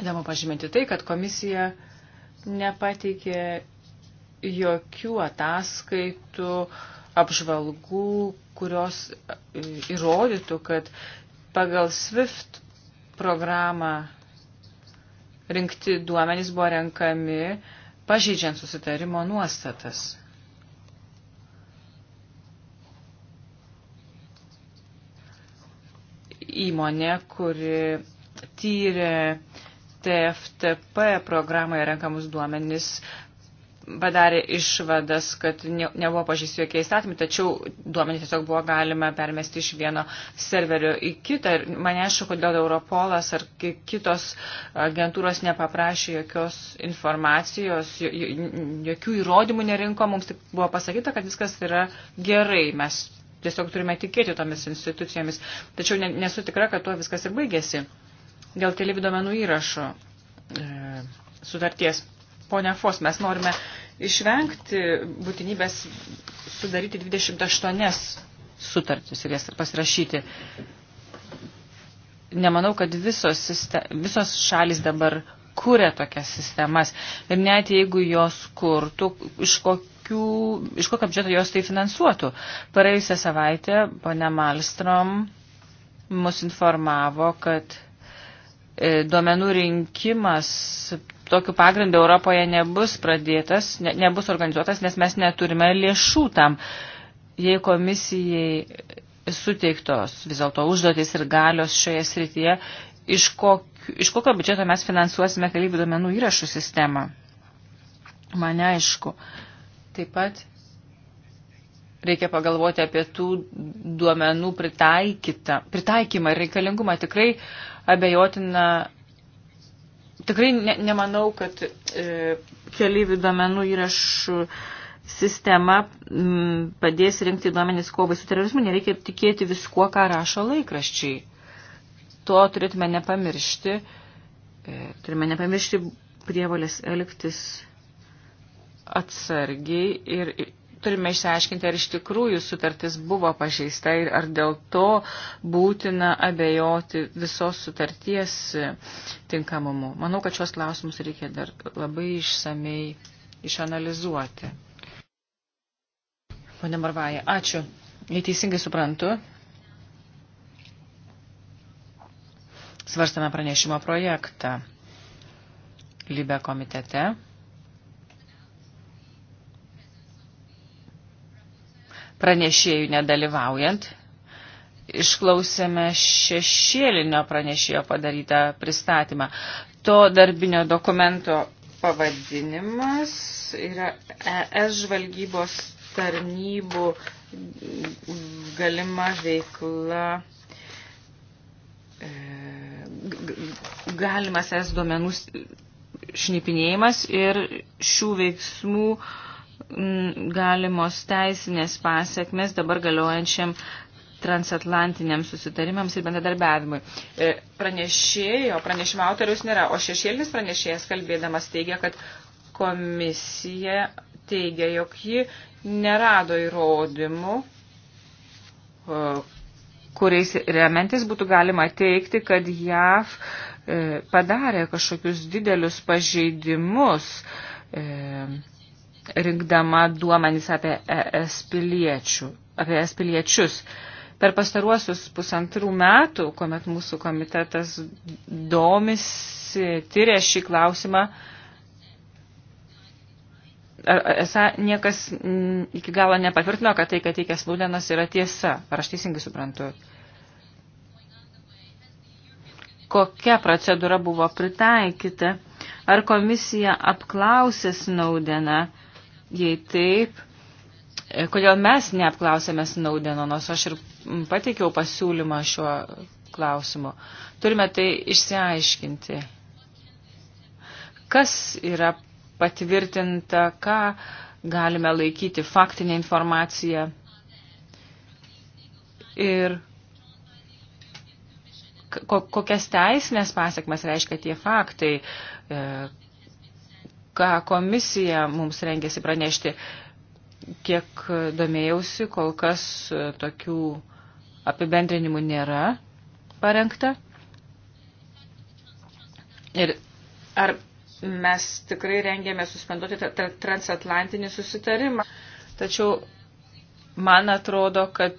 įdomu pažymėti tai, kad komisija nepateikė jokių ataskaitų, uh, apžvalgų, kurios e, įrodytų, kad pagal SWIFT programą rinkti duomenys buvo renkami pažydžiant susitarimo nuostatas. Įmonė, kuri tyrė TFTP programoje renkamus duomenys, padarė išvadas, kad ne, nebuvo pažįsti jokie įstatymai, tačiau duomenys tiesiog buvo galima permesti iš vieno serverio į kitą. Ir mane aišku, kodėl Europolas ar kitos agentūros nepaprašė jokios informacijos, jokių įrodymų nerinko, mums tik buvo pasakyta, kad viskas yra gerai. Mes tiesiog turime tikėti tomis institucijomis. Tačiau nesu tikra, kad tuo viskas ir baigėsi. Dėl kelių duomenų įrašo e, sutarties ponia Fos, mes norime išvengti būtinybės sudaryti 28 sutartis ir jas pasirašyti. Nemanau, kad visos, sistem, visos šalis dabar kuria tokias sistemas. Ir net jeigu jos kurtų, iš, kokių, iš kokio biudžeto jos tai finansuotų. Praėjusią savaitę ponia Malstrom mus informavo, kad e, duomenų rinkimas tokiu pagrindu Europoje nebus pradėtas, ne, nebus organizuotas, nes mes neturime lėšų tam. Jei komisijai suteiktos vis dėlto užduotis ir galios šioje srityje, iš, kok, iš kokio biudžeto mes finansuosime kalybų duomenų įrašų sistemą? Mane aišku. Taip pat reikia pagalvoti apie tų duomenų pritaikytą, pritaikymą ir reikalingumą. Tikrai abejotina tikrai ne, nemanau, kad e, keliaivių duomenų įrašų sistema m, padės rinkti duomenys kovai su terorizmu. Nereikia tikėti viskuo, ką rašo laikraščiai. To turėtume nepamiršti. E, turime nepamiršti prievalės elgtis atsargiai ir turime išsiaiškinti, ar iš tikrųjų sutartis buvo pažeista ir ar dėl to būtina abejoti visos sutarties tinkamumu. Manau, kad šios klausimus reikia dar labai išsamei išanalizuoti. Pone Marvaja, ačiū. Jei teisingai suprantu, svarstame pranešimo projektą Libe komitete. pranešėjų nedalyvaujant. Išklausėme šešėlinio pranešėjo padarytą pristatymą. To darbinio dokumento pavadinimas yra ES žvalgybos tarnybų galima veikla, e, galimas es duomenų šnipinėjimas ir šių veiksmų uh, Mm, galimos teisinės pasiekmes dabar galiojančiam transatlantiniams susitarimams ir bendradarbiavimui. E, pranešėjo, pranešimo autoriaus nėra, o šešėlinis pranešėjas kalbėdamas teigia, kad komisija teigia, jog ji nerado įrodymų, e, kuriais remiantis būtų galima teikti, kad JAV e, padarė kažkokius didelius pažeidimus rinkdama duomenys apie ES, piliečių, apie ES piliečius. Per pastaruosius pusantrų metų, kuomet mūsų komitetas domisi, tyrė šį klausimą, esą niekas iki galo nepatvirtino, kad tai, kad teikia Slūdenas, yra tiesa. Ar aš teisingai suprantu? Kokia procedūra buvo pritaikyta? Ar komisija apklausė Snaudeną? Jei taip, e, kodėl mes neapklausėme Snaudeno, nors aš ir pateikiau pasiūlymą šiuo klausimu. Turime tai išsiaiškinti. Kas yra patvirtinta, ką galime laikyti faktinė informacija ir kokias teisinės pasiekmes reiškia tie faktai, e, ką komisija mums rengėsi pranešti. Kiek domėjausi, kol kas tokių apibendrinimų nėra parengta. Ir ar mes tikrai rengėme suspenduoti transatlantinį susitarimą. Tačiau man atrodo, kad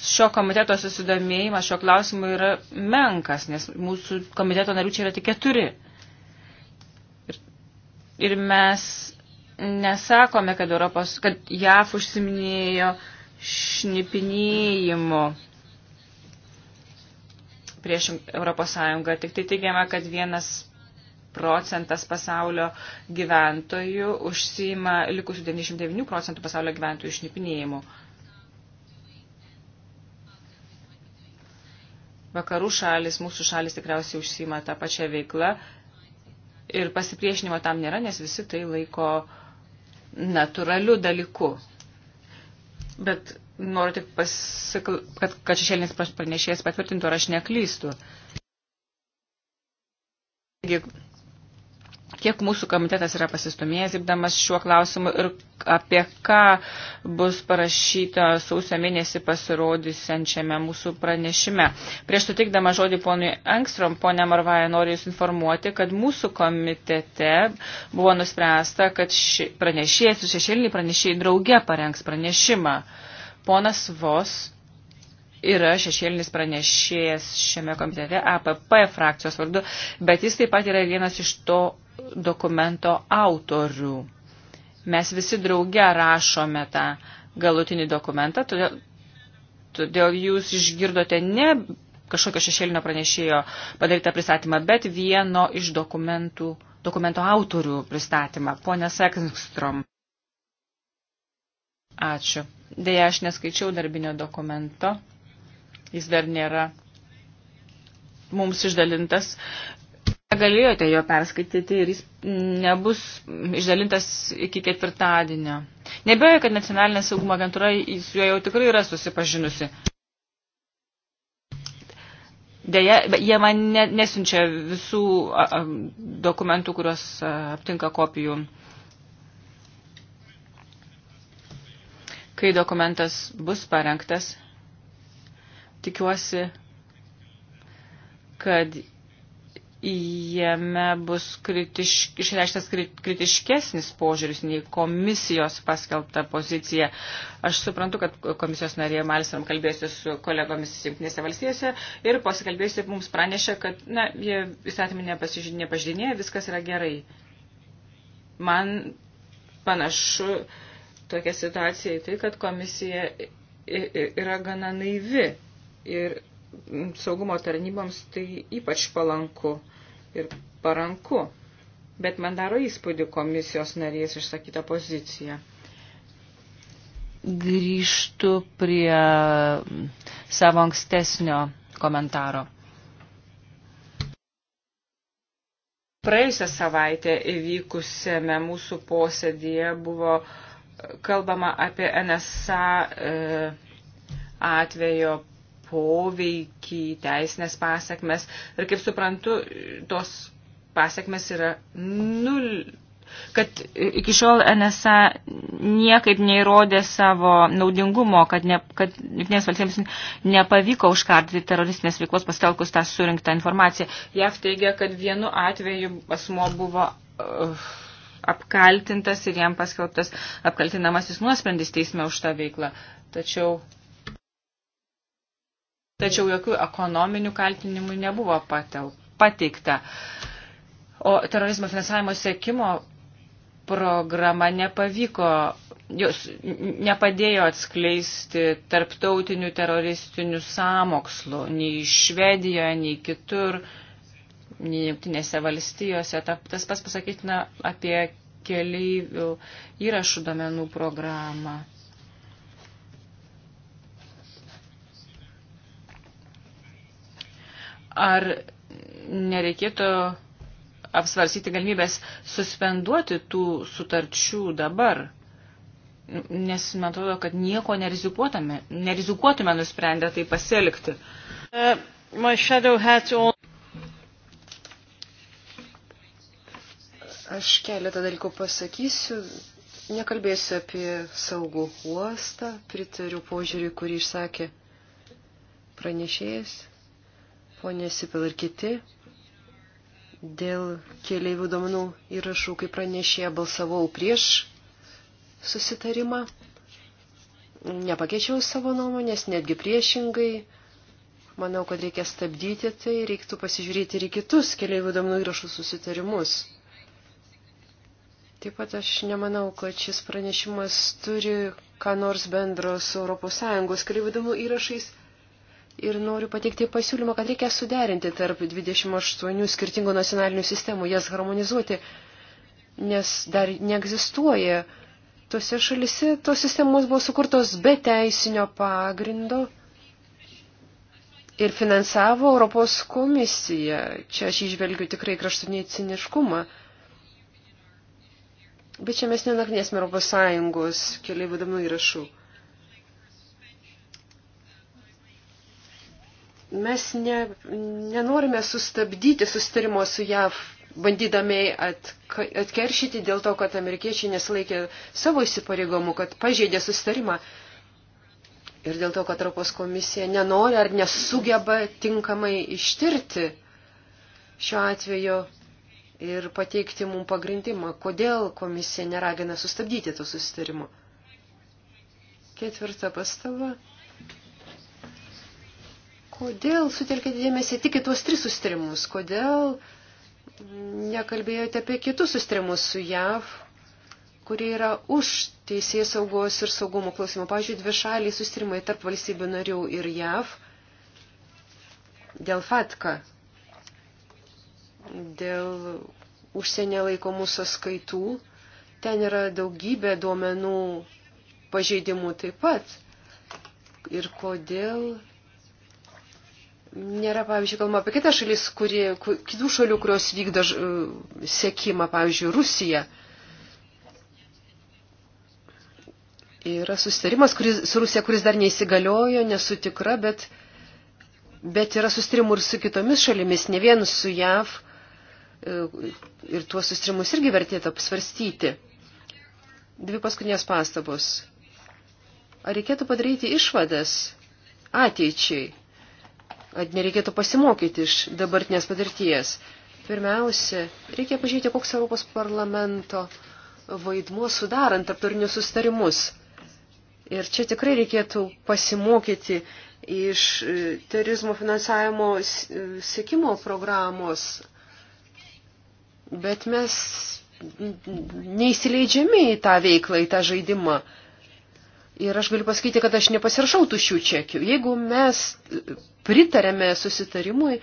šio komiteto susidomėjimas šio klausimu yra menkas, nes mūsų komiteto narių čia yra tik keturi. Ir mes nesakome, kad, Europos, kad JAF užsiminėjo šnipinėjimu prieš Europos Sąjungą. Tik tai teigiama, kad vienas procentas pasaulio gyventojų užsima likusių 99 procentų pasaulio gyventojų šnipinėjimu. Vakarų šalis, mūsų šalis tikriausiai užsima tą pačią veiklą Ir pasipriešinimo tam nėra, nes visi tai laiko natūraliu dalyku. Bet noriu tik pasikl... kad, kad šešėlinis pranešėjas patvirtintų, ar aš neklystu. Taigi, kiek mūsų komitetas yra pasistumėjęs dirbdamas šiuo klausimu ir apie ką bus parašyta sausio mėnesį pasirodysiančiame mūsų pranešime. Prieš sutikdama žodį ponui Engstrom, ponia Marvaja, noriu Jūs informuoti, kad mūsų komitete buvo nuspręsta, kad pranešėjas ir šešėliniai pranešėjai drauge parengs pranešimą. Ponas Vos yra šešėlinis pranešėjas šiame komitete APP frakcijos vardu, bet jis taip pat yra vienas iš to dokumento autorių. Mes visi drauge rašome tą galutinį dokumentą, todėl, todėl jūs išgirdote ne kažkokio šešėlinio pranešėjo padarytą pristatymą, bet vieno iš dokumentų, dokumento autorių pristatymą, ponė Sekstrom. Ačiū. Deja, aš neskaičiau darbinio dokumento jis dar nėra mums išdalintas. Negalėjote jo perskaityti ir jis nebus išdalintas iki ketvirtadienio. Nebejoju, kad nacionalinė saugumo agentūra su juo jau tikrai yra susipažinusi. Deja, jie man ne, nesiunčia visų a, a, dokumentų, kuriuos a, aptinka kopijų. Kai dokumentas bus parengtas, Tikiuosi, kad jame bus kritišk, išreikštas kritiškesnis požiūris nei komisijos paskelbta pozicija. Aš suprantu, kad komisijos narė Malsam kalbėsi su kolegomis Junktinėse valstijose ir pasikalbėjusi mums pranešė, kad na, jie įstatymį nepažydinėja, viskas yra gerai. Man panašu tokia situacija į tai, kad komisija yra gana naivi ir mm, saugumo tarnyboms tai ypač palanku ir paranku. Bet man daro įspūdį komisijos narės išsakyta pozicija. Grįžtu prie mm, savo ankstesnio komentaro. Praėjusią savaitę įvykusiame mūsų posėdėje buvo e, kalbama apie NSA e, atvejo poveikį, teisinės pasiekmes. Ir kaip suprantu, tos pasiekmes yra nul. Kad iki šiol NSA niekaip neįrodė savo naudingumo, kad, ne, kad jungtinės valstybėms nepavyko užkardyti teroristinės veiklos pastelkus tą surinktą informaciją. JAV teigia, kad vienu atveju asmo buvo uh, apkaltintas ir jam paskelbtas apkaltinamasis nuosprendis teisme už tą veiklą. Tačiau tačiau jokių ekonominių kaltinimų nebuvo pateikta. O terorizmo finansavimo sėkimo programa nepavyko, jos nepadėjo atskleisti tarptautinių teroristinių sąmokslų nei Švedijoje, nei kitur, nei jungtinėse valstijose. Ta, tas pas pasakytina apie keleivių įrašų domenų programą. Ar nereikėtų apsvarsyti galimybės suspenduoti tų sutarčių dabar? Nes man atrodo, kad nieko nerizikuotume, nerizikuotume nusprendę tai pasielgti. Uh, Aš keletą dalykų pasakysiu. Nekalbėsiu apie saugų uostą, pritariu požiūrį, kurį išsakė pranešėjas ponė Sipil ir kiti. Dėl keliaivių domenų įrašų, kaip pranešė, balsavau prieš susitarimą. Nepakeičiau savo nuomonės, netgi priešingai. Manau, kad reikia stabdyti tai, reiktų pasižiūrėti ir į kitus keliaivių domenų įrašų susitarimus. Taip pat aš nemanau, kad šis pranešimas turi ką nors bendro su ES keliaivių domenų įrašais ir noriu pateikti pasiūlymą, kad reikia suderinti tarp 28 skirtingų nacionalinių sistemų, jas harmonizuoti, nes dar neegzistuoja. Tose šalise tos sistemos buvo sukurtos be teisinio pagrindo ir finansavo Europos komisiją. Čia aš išvelgiu tikrai kraštutinį ciniškumą. Bet čia mes nenagrinėsime Europos Sąjungos keliai vadamų įrašų. Mes ne, nenorime sustabdyti sustarimo su JAV, bandydami atka, atkeršyti dėl to, kad amerikiečiai nesilaikė savo įsipareigomų, kad pažeidė sustarimą. Ir dėl to, kad Europos komisija nenori ar nesugeba tinkamai ištirti šiuo atveju ir pateikti mums pagrindimą, kodėl komisija neragina sustabdyti to susitarimo. Ketvirta pastaba Kodėl sutelkėte dėmesį tik į tuos tris sustarimus? Kodėl nekalbėjote apie kitus sustarimus su JAV, kurie yra už teisės saugos ir saugumo klausimų? Pavyzdžiui, dvi šaliai sustarimai tarp valstybių narių ir JAV dėl FATKA, dėl užsienio laikomų sąskaitų. Ten yra daugybė duomenų pažeidimų taip pat. Ir kodėl Nėra, pavyzdžiui, kalbama apie kitas šalis, kurie, kitų šalių, kurios vykdo e, sekimą, pavyzdžiui, Rusija. Yra sustarimas kuris, su Rusija, kuris dar neįsigaliojo, nesu tikra, bet, bet yra sustarimų ir su kitomis šalimis, ne vien su JAV. E, ir tuos sustarimus irgi vertėtų apsvarstyti. Dvi paskutinės pastabos. Ar reikėtų padaryti išvadas ateičiai? nereikėtų pasimokyti iš dabartinės patirties. Pirmiausia, reikia pažiūrėti, koks Europos parlamento vaidmuo sudarant tarptautinius sustarimus. Ir čia tikrai reikėtų pasimokyti iš e, terorizmo finansavimo sėkimo e, programos. Bet mes neįsileidžiami į tą veiklą, į tą žaidimą. Ir aš galiu pasakyti, kad aš nepasirašau tuščių čekių. Jeigu mes pritarėme susitarimui,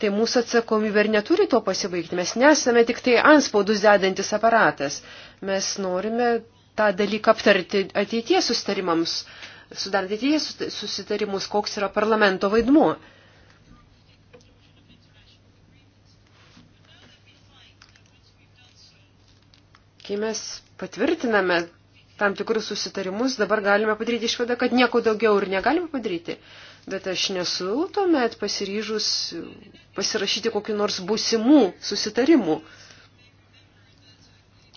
tai mūsų atsakomybė ir neturi to pasibaigti. Mes nesame tik tai anspaudus dedantis aparatas. Mes norime tą dalyką aptarti ateities susitarimams, sudarant ateities susitarimus, koks yra parlamento vaidmuo. kai mes patvirtiname tam tikrus susitarimus, dabar galime padaryti išvadą, kad nieko daugiau ir negalime padaryti bet aš nesu tuomet pasiryžus pasirašyti kokiu nors būsimų susitarimų.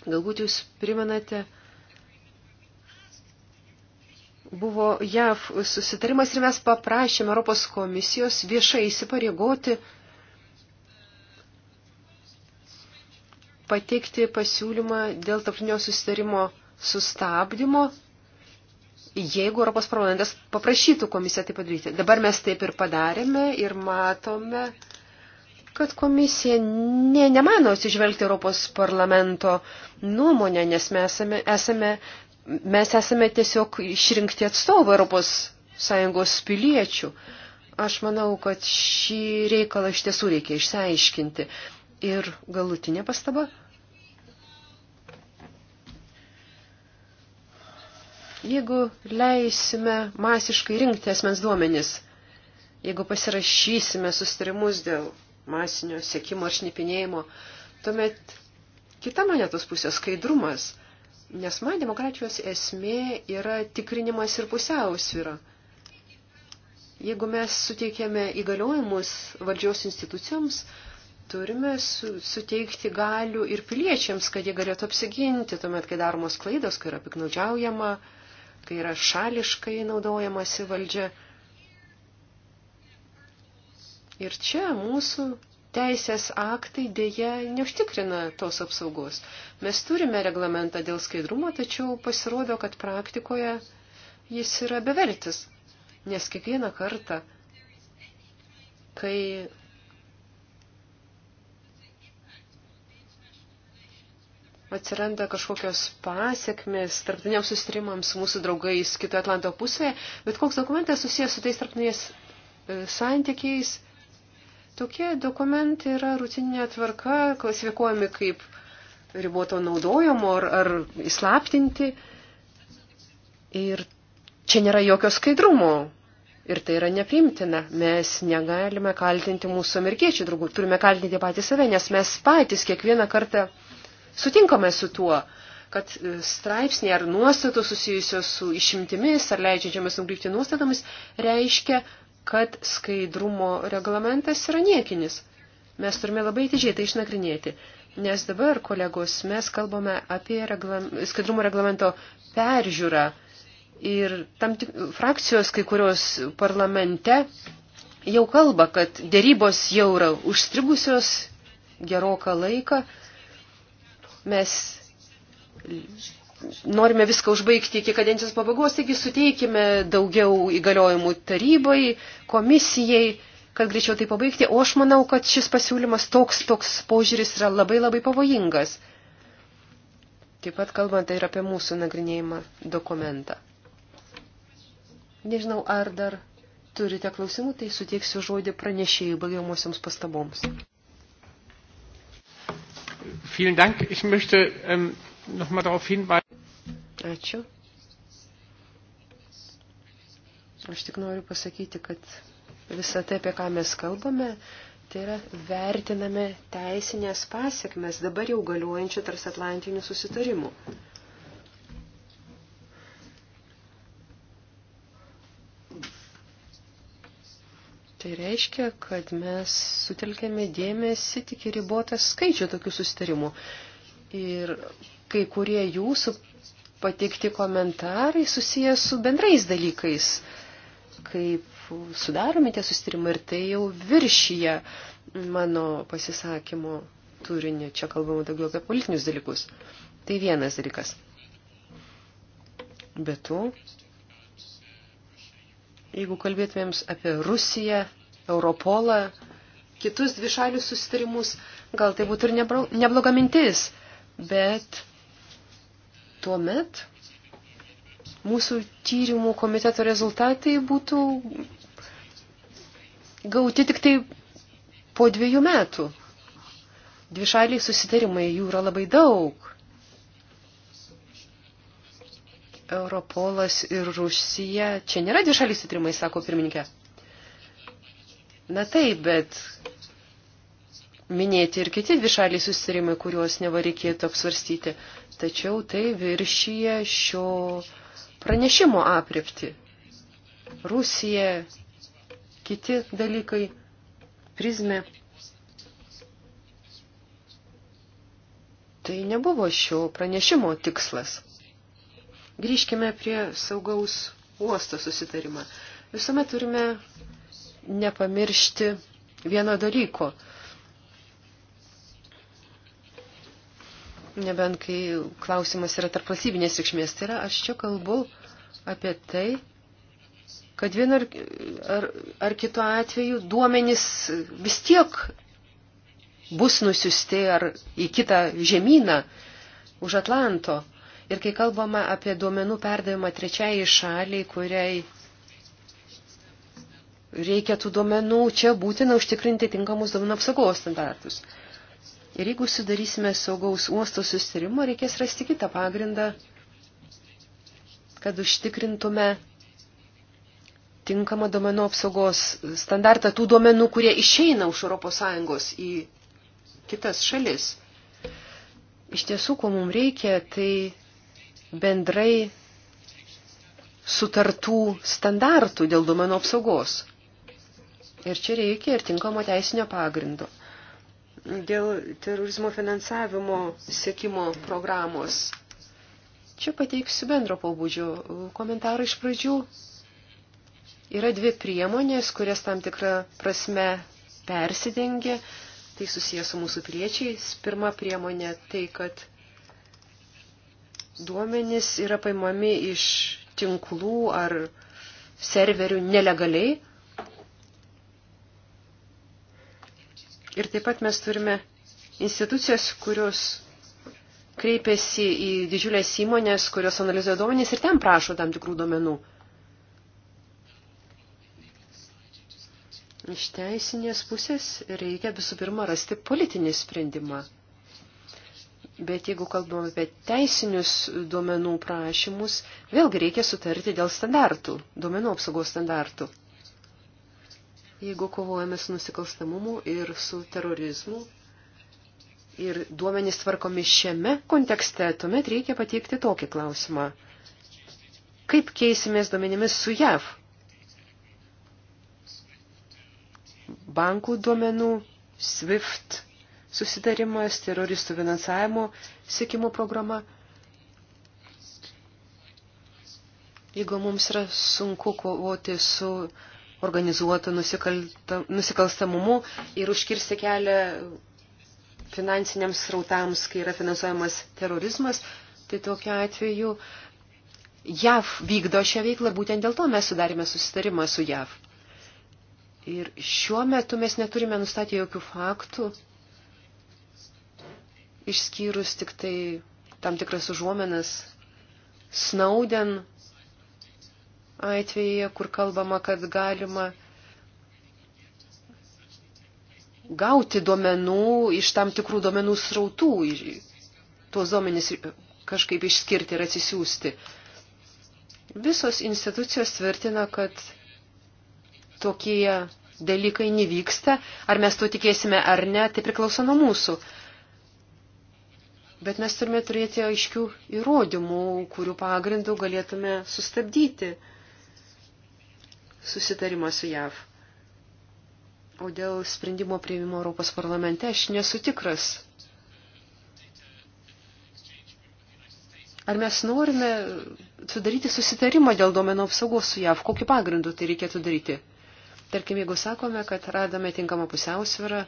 Galbūt jūs primenate, buvo JAV susitarimas ir mes paprašėme Europos komisijos viešai įsipareigoti pateikti pasiūlymą dėl tarptinio susitarimo sustabdymo jeigu Europos parlamentas paprašytų komisiją tai padaryti. Dabar mes taip ir padarėme ir matome, kad komisija ne, nemano atsižvelgti Europos parlamento nuomonę, nes mes esame, esame, mes esame tiesiog išrinkti atstovų Europos Sąjungos piliečių. Aš manau, kad šį reikalą iš tiesų reikia išsiaiškinti. Ir galutinė pastaba – Jeigu leisime masiškai rinkti asmens duomenis, jeigu pasirašysime sustarimus dėl masinio sėkimo ar šnipinėjimo, tuomet kita monetos pusė skaidrumas, nes man demokratijos esmė yra tikrinimas ir pusiausvyra. Jeigu mes suteikėme įgaliojimus valdžios institucijoms, turime su, suteikti galių ir piliečiams, kad jie galėtų apsiginti, tuomet, kai daromos klaidos, kai yra piknaudžiaujama, uh, kai yra šališkai naudojamasi valdžia. Ir čia mūsų teisės aktai dėja neužtikrina tos apsaugos. Mes turime reglamentą dėl skaidrumo, tačiau pasirodo, kad praktikoje jis yra bevertis. Nes kiekvieną kartą, kai atsiranda kažkokios pasiekmes tarptautiniams sustarimams mūsų draugais kitoje Atlanto pusėje, bet koks dokumentas susijęs su tais tarptautiniais e, santykiais. Tokie dokumentai yra rutininė tvarka, klasifikuojami kaip riboto naudojimo ar, ar įslaptinti. Ir čia nėra jokio skaidrumo. Ir tai yra neprimtina. Mes negalime kaltinti mūsų amerikiečių draugų, turime kaltinti patys save, nes mes patys kiekvieną kartą sutinkame su tuo, kad e, straipsniai ar nuostatos susijusios su išimtimis ar leidžiančiamis nukrypti nuostatomis reiškia, kad skaidrumo reglamentas yra niekinis. Mes turime labai atidžiai tai išnagrinėti, nes dabar, kolegos, mes kalbame apie reglam... skaidrumo reglamento peržiūrą ir tam tik frakcijos kai kurios parlamente jau kalba, kad dėrybos jau yra užstrigusios geroką laiką Mes norime viską užbaigti iki kadencijos pabaigos, taigi suteikime daugiau įgaliojimų tarybai, komisijai, kad greičiau tai pabaigti. O aš manau, kad šis pasiūlymas toks, toks požiūris yra labai labai pavojingas. Taip pat kalbant ir tai apie mūsų nagrinėjimą dokumentą. Nežinau, ar dar turite klausimų, tai suteiksiu žodį pranešėjai baigiamosioms pastaboms. Vielen Dank. Ich möchte ähm, noch mal darauf hinweisen. Ačiū. Aš tik noriu pasakyti, kad visą tai, apie ką mes kalbame, tai yra vertiname teisinės pasiekmes dabar jau galiuojančių tarsatlantinių susitarimų. Tai reiškia, kad mes sutelkėme dėmesį tik į ribotą skaičių tokių susitarimų. Ir kai kurie jūsų pateikti komentarai susijęs su bendrais dalykais, kaip sudaromi tie susitarimai ir tai jau viršyje mano pasisakymo turinį. Čia kalbama daugiau apie politinius dalykus. Tai vienas dalykas. Be to, Jeigu kalbėtumėms apie Rusiją, Europolą, kitus dvišalius susitarimus, gal tai būtų ir nebloga mintis, bet tuomet mūsų tyrimų komiteto rezultatai būtų gauti tik tai po dviejų metų. Dvišaliai susitarimai jų yra labai daug. Europolas ir Rusija. Čia nėra dvišaliai sutrimai, sako pirmininkė. Na taip, bet minėti ir kiti dvišaliai susitarimai, kuriuos neva reikėtų apsvarstyti. Tačiau tai viršyje šio pranešimo aprepti. Rusija, kiti dalykai, prizmė. Tai nebuvo šio pranešimo tikslas. Grįžkime prie saugaus uosto susitarimą. Visuomet turime nepamiršti vieno dalyko. Nebent kai klausimas yra tarp valstybinės reikšmės, tai yra, aš čia kalbu apie tai, kad vienu ar, ar, ar kitu atveju duomenys vis tiek bus nusiusti ar į kitą žemyną už Atlanto. Ir kai kalbama apie duomenų perdavimą trečiai šaliai, kuriai reikia tų duomenų, čia būtina užtikrinti tinkamus duomenų apsaugos standartus. Ir jeigu sudarysime saugaus uosto sustarimo, reikės rasti kitą pagrindą, kad užtikrintume tinkamą duomenų apsaugos standartą tų duomenų, kurie išeina už ES į kitas šalis. Iš tiesų, ko mums reikia, tai bendrai sutartų standartų dėl duomenų apsaugos. Ir čia reikia ir tinkamo teisinio pagrindo. Dėl terorizmo finansavimo sėkimo programos. Čia pateiksiu bendro pobūdžio komentarą iš pradžių. Yra dvi priemonės, kurias tam tikrą prasme persidengia. Tai susijęs su mūsų piliečiais. Pirma priemonė tai, kad duomenys yra paimami iš tinklų ar serverių nelegaliai. Ir taip pat mes turime institucijas, kurios kreipiasi į didžiulės įmonės, kurios analizuoja duomenys ir ten prašo tam tikrų duomenų. Iš teisinės pusės reikia visų pirma rasti politinį sprendimą. Bet jeigu kalbam apie teisinius duomenų prašymus, vėlgi reikia sutarti dėl standartų, duomenų apsaugos standartų. Jeigu kovojame su nusikalstamumu ir su terorizmu ir duomenys tvarkomi šiame kontekste, tuomet reikia pateikti tokį klausimą. Kaip keisimės duomenimis su JAV? Bankų duomenų, SWIFT susitarimas, teroristų finansavimo sėkimo programa. Jeigu mums yra sunku kovoti su organizuotu nusikalstamumu ir užkirsti kelią finansiniams srautams, kai yra finansuojamas terorizmas, tai tokiu atveju JAV vykdo šią veiklą ir būtent dėl to mes sudarėme susitarimą su JAV. Ir šiuo metu mes neturime nustatę jokių faktų, išskyrus tik tai tam tikras užuomenas Snauden atvejyje, kur kalbama, kad galima gauti duomenų iš tam tikrų duomenų srautų, tuos duomenys kažkaip išskirti ir atsisiųsti. Visos institucijos tvirtina, kad tokie dalykai nevyksta, ar mes to tikėsime ar ne, tai priklauso nuo mūsų. Bet mes turime turėti aiškių įrodymų, kurių pagrindų galėtume sustabdyti susitarimą su JAV. O dėl sprendimo prieimimo Europos parlamente aš nesu tikras. Ar mes norime sudaryti susitarimą dėl domenų apsaugos su JAV? Kokiu pagrindu tai reikėtų daryti? Tarkim, jeigu sakome, kad radome tinkamą pusiausvyrą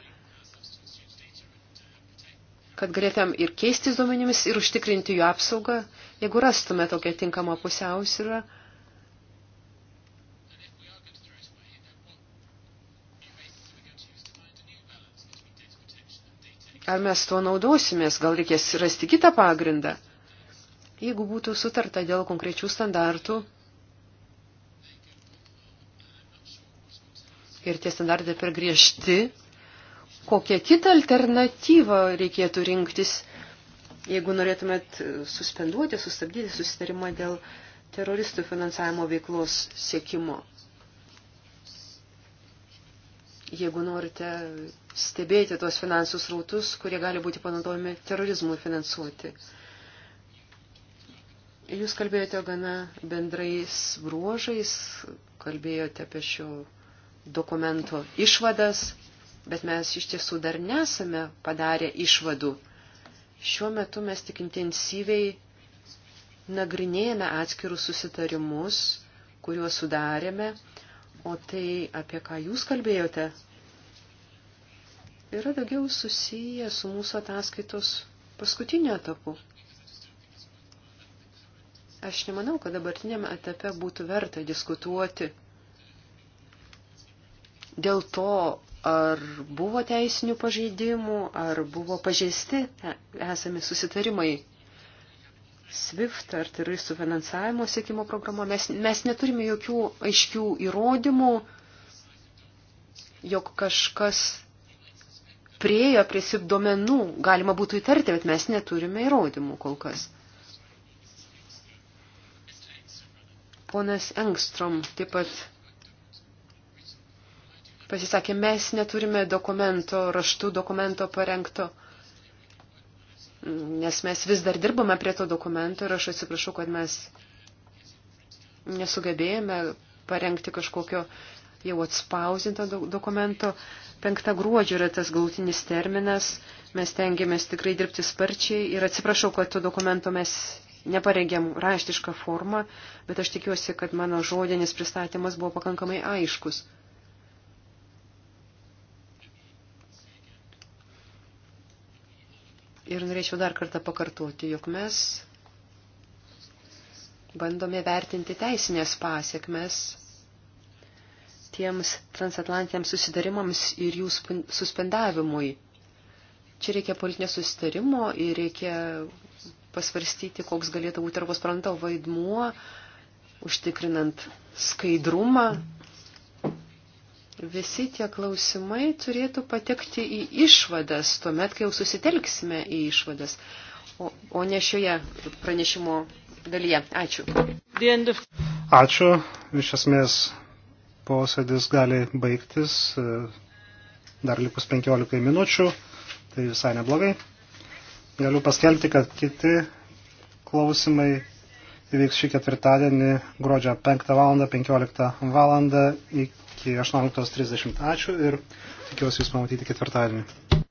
kad galėtumėm ir keistis duomenimis, ir užtikrinti jų apsaugą, jeigu rastume tokią tinkamą pusiausvyrą. Ar mes tuo naudosimės, gal reikės rasti kitą pagrindą? Jeigu būtų sutarta dėl konkrečių standartų ir tie standartai per griežti, kokią kitą alternatyvą reikėtų rinktis, jeigu norėtumėt suspenduoti, sustabdyti susitarimą dėl teroristų finansavimo veiklos siekimo. Jeigu norite stebėti tos finansus rautus, kurie gali būti panaudojami terorizmui finansuoti. Jūs kalbėjote gana bendrais bruožais, kalbėjote apie šio dokumento išvadas, bet mes iš tiesų dar nesame padarę išvadų. Šiuo metu mes tik intensyviai nagrinėjame atskirus susitarimus, kuriuos sudarėme, o tai, apie ką jūs kalbėjote, yra daugiau susiję su mūsų ataskaitos paskutiniu etapu. Aš nemanau, kad dabartiniam etape būtų verta diskutuoti dėl to, ar buvo teisinių pažeidimų, ar buvo pažeisti e, esami susitarimai SWIFT ar teroristų finansavimo sėkimo programa, mes, mes neturime jokių aiškių įrodymų, jog kažkas priejo prie SIP duomenų, galima būtų įtarti, bet mes neturime įrodymų kol kas. Ponas Engstrom taip pat pasisakė, mes neturime dokumento, raštų dokumento parengto, nes mes vis dar dirbame prie to dokumento ir aš atsiprašau, kad mes nesugebėjome parengti kažkokio jau atspausinto dokumento. 5 gruodžio yra tas galutinis terminas, mes tengiamės tikrai dirbti sparčiai ir atsiprašau, kad to dokumento mes neparengėm raštišką formą, bet aš tikiuosi, kad mano žodinis pristatymas buvo pakankamai aiškus. Ir norėčiau dar kartą pakartoti, jog mes bandome vertinti teisinės pasiekmes tiems transatlantiniams susidarimams ir jų suspendavimui. Čia reikia politinio susitarimo ir reikia pasvarstyti, koks galėtų būti Europos parlamento vaidmuo, užtikrinant skaidrumą Visi tie klausimai turėtų patekti į išvadas, tuomet, kai jau susitelksime į išvadas, o, o ne šioje pranešimo dalyje. Ačiū. Ačiū. Iš esmės posėdis gali baigtis e, dar likus 15 minučių, tai visai neblogai. Galiu paskelbti, kad kiti klausimai įvyks šį ketvirtadienį gruodžio 5 val. 15 val. iki 18.30. Ačiū ir tikiuosi Jūs pamatyti ketvirtadienį.